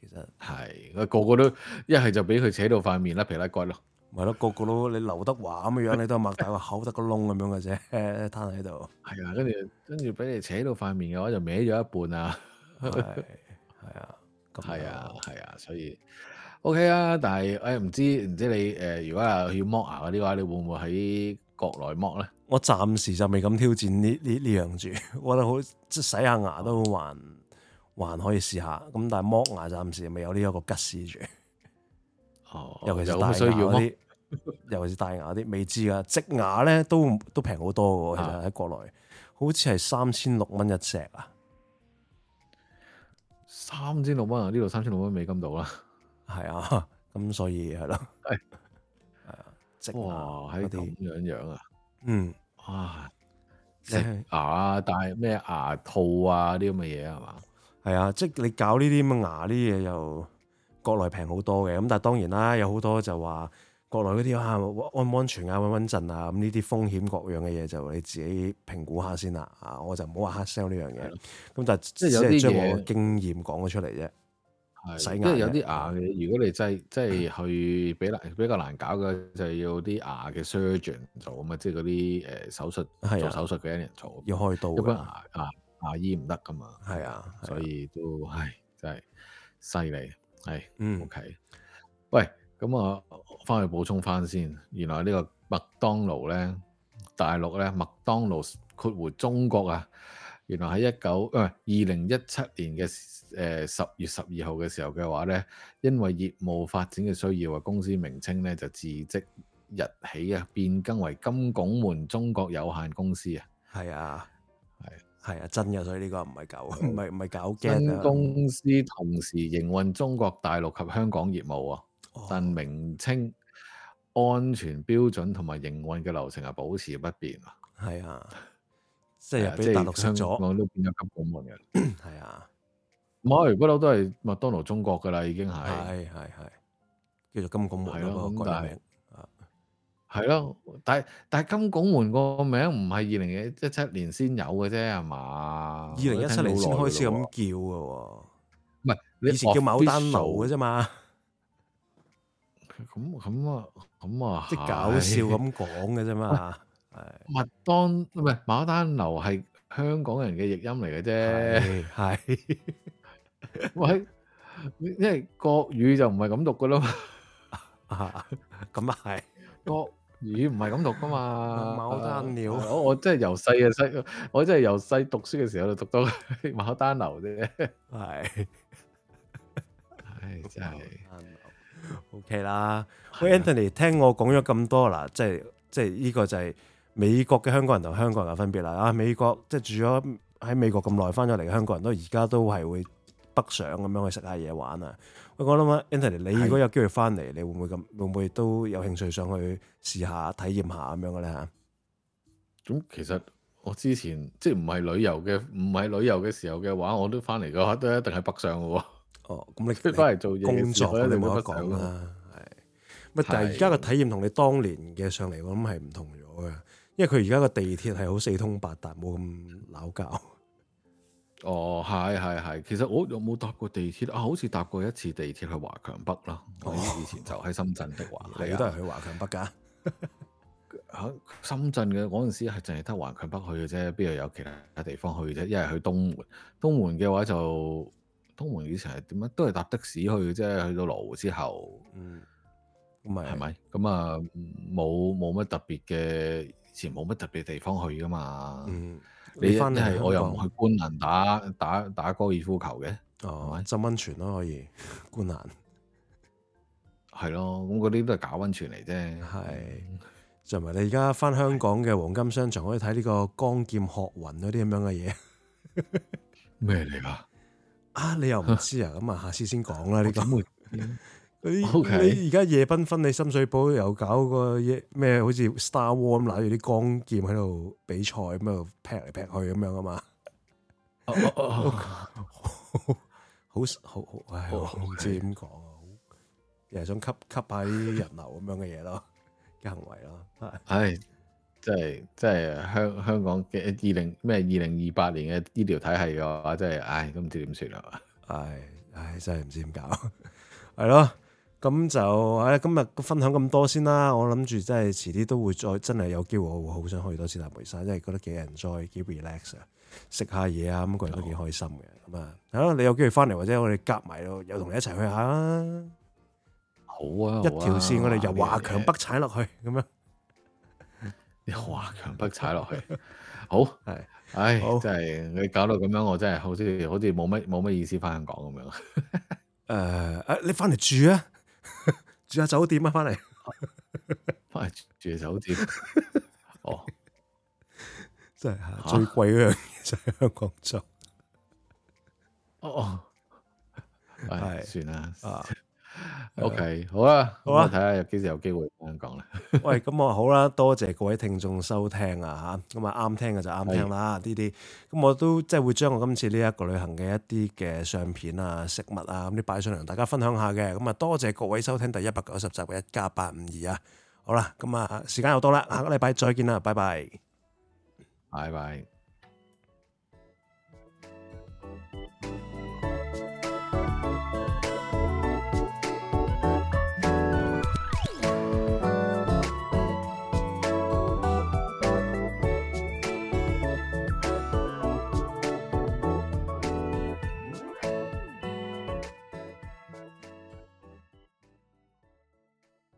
其實係個個都一係就俾佢扯到塊面甩皮甩骨咯。咪咯，個個都你劉德華咁嘅樣，你，你都係擘大個口得 個窿咁樣嘅啫，攤喺度。係啊，跟住跟住俾你扯到塊面嘅話，就歪咗一半 啊。係係啊，係啊，係啊，所以 OK 啊。但係誒，唔、欸、知唔知你誒、呃，如果係要剝牙嗰啲話，你會唔會喺？國內剝咧，我暫時就未敢挑戰呢呢呢樣住，我覺得好即係洗下牙都還還可以試下，咁但係剝牙暫時未有呢一個急事住，尤其是大牙嗰啲，尤其是大牙啲未知噶，植牙咧都都平好多喎，其實喺國內好似係三千六蚊一隻啊，三千六蚊啊，呢度三千六蚊美金到啦，係啊，咁所以係咯。 哇，喺咁樣樣啊，嗯啊啊，啊，即食牙，但係咩牙套啊啲咁嘅嘢係嘛？係啊，即係你搞呢啲咁嘅牙呢嘢又國內平好多嘅，咁但係當然啦，有好多就話國內嗰啲啊安唔安全啊穩唔穩陣啊，咁呢啲風險各樣嘅嘢就你自己評估下先啦啊，我就唔好話黑 sell 呢樣嘢，咁的但係即係將我嘅經驗講咗出嚟啫。係，因為有啲牙嘅，如果你真即係去比難比較難搞嘅，就係、是、要啲牙嘅 surgeon 做啊嘛，即係嗰啲誒手術，做手術嘅一人做，啊、要開刀，一般牙牙牙醫唔得噶嘛。係啊，啊所以都係真係犀利，係。嗯、O.K. 喂，咁我翻去補充翻先，原來個呢個麥當勞咧，大陸咧，麥當勞括弧中國啊，原來喺一九誒二零一七年嘅。誒，十、呃、月十二號嘅時候嘅話呢，因為業務發展嘅需要啊，公司名稱呢就自即日起啊變更為金拱門中國有限公司啊。係啊，係係啊，真嘅，所以呢個唔係搞唔係唔係搞 gag 㗎。新公司同時營運中國大陸及香港業務啊，哦、但名稱安全標準同埋營運嘅流程係保持不變啊。係啊，即係俾大陸食咗，我都變咗金拱門人。係啊。 是 冇，如果都都係麥當勞中國噶啦，已經係係係叫做金拱門咯，咁個名啊，係咯，但係但係金拱門個名唔係二零一七年先有嘅啫，係嘛？二零一七年先開始咁叫嘅喎，唔係你以前叫馬丹奴嘅啫嘛。咁咁啊咁啊，即係搞笑咁講嘅啫嘛。麥當唔係馬丹奴係香港人嘅譯音嚟嘅啫，係。喂，因為 國語就唔係咁讀噶咯，嘛，咁啊係 國語唔係咁讀噶嘛。牡、嗯、丹鳥、 啊，我真係由細嘅細，我真係由細讀書嘅時候就讀到牡丹流啫。係，係真係。O K 啦， 啊、喂 Anthony，聽我講咗咁多啦，即係即係呢個就係美國嘅香港人同香港人嘅分別啦。啊，美國即係住咗喺美國咁耐，翻咗嚟嘅香港人都而家都係會。北上咁樣去食下嘢玩啊！喂，我諗啊，Anthony，你如果有機會翻嚟，你會唔會咁？會唔會都有興趣上去試下體驗下咁樣嘅咧嚇？咁其實我之前即係唔係旅遊嘅，唔係旅遊嘅時候嘅話，我都翻嚟嘅話都一定係北上嘅喎、啊。哦，咁你都翻嚟做嘢工作咁樣冇得講啦。係，咪但係而家嘅體驗同你當年嘅上嚟，我諗係唔同咗嘅，因為佢而家個地鐵係好四通八達，冇咁鬧交。哦，係係係，其實我、哦、有冇搭過地鐵啊，好似搭過一次地鐵去華強北啦。我、哦、以前就喺深圳的話，你都係去華強北噶。嚇， 深圳嘅嗰陣時係淨係得華強北去嘅啫，邊度有，有其他地方去嘅啫？一係去東門，東門嘅話就東門以前係點樣啊？都係搭的士去嘅啫，去到羅湖之後，嗯，咁咪係咪？咁啊、嗯，冇冇乜特別嘅，以前冇乜特別地方去噶嘛。嗯你翻嚟我又唔去觀瀾打打打高爾夫球嘅，哦吧浸溫泉咯可以，觀瀾係咯，咁嗰啲都係假溫泉嚟啫。係，就係你而家翻香港嘅黃金商場的可以睇呢個江劍學雲嗰啲咁樣嘅嘢，咩嚟㗎？啊，你又唔知啊？咁啊，下次先講啦。你咁會。 Okay. 你而家夜繽紛，你深水埗又搞個咩、oh oh oh.？好似 Star War 咁，攋住啲光劍喺度比賽，咁樣劈嚟劈去咁樣啊嘛！好好好，唔知點講啊，Okay. 又係想吸吸低人流咁樣嘅嘢咯，嘅行為咯， 唉，真係真係香香港嘅二零咩？二零二八年嘅醫療體系嘅話，真係唉，都唔知點算啊。唉，唉，真係唔知點搞，係 咯。咁就，唉、哎，今日分享咁多先啦。我諗住真係遲啲都會再，真係有機會我會好想去多次大梅沙，真係覺得幾人再，j o 幾 relax 啊，食下嘢啊，咁個人都幾開心嘅。咁啊，好，你有機會翻嚟或者我哋夾埋又同你一齊去一下啦，啊。好啊，好啊，一條線我哋由華強北踩落去，咁樣由華強北踩落去。 好，係，唉、哎，好真係你搞到咁樣，我真係好似好似冇乜冇乜意思翻香港咁樣。誒，啊，你翻嚟住啊？ 住下酒店啊，翻嚟，翻 嚟 住酒店，哦、oh.， 真係最貴樣嘢就喺香港做。哦，係，算啦，O K，好啦，好啊，睇下有幾時有機會翻香港啦。喂，咁我好啦，多謝各位聽眾收聽啊，吓、嗯，咁啊啱聽嘅就啱聽啦，呢啲是。咁我都即係會將我今次呢一個旅行嘅一啲嘅相片啊、食物啊咁啲擺上嚟，同大家分享下嘅。咁啊，多謝各位收聽第一百九十集嘅一家八五二啊。好、啊、啦，咁、嗯、啊，時間又多啦，下個禮拜再見啦，拜拜，拜拜。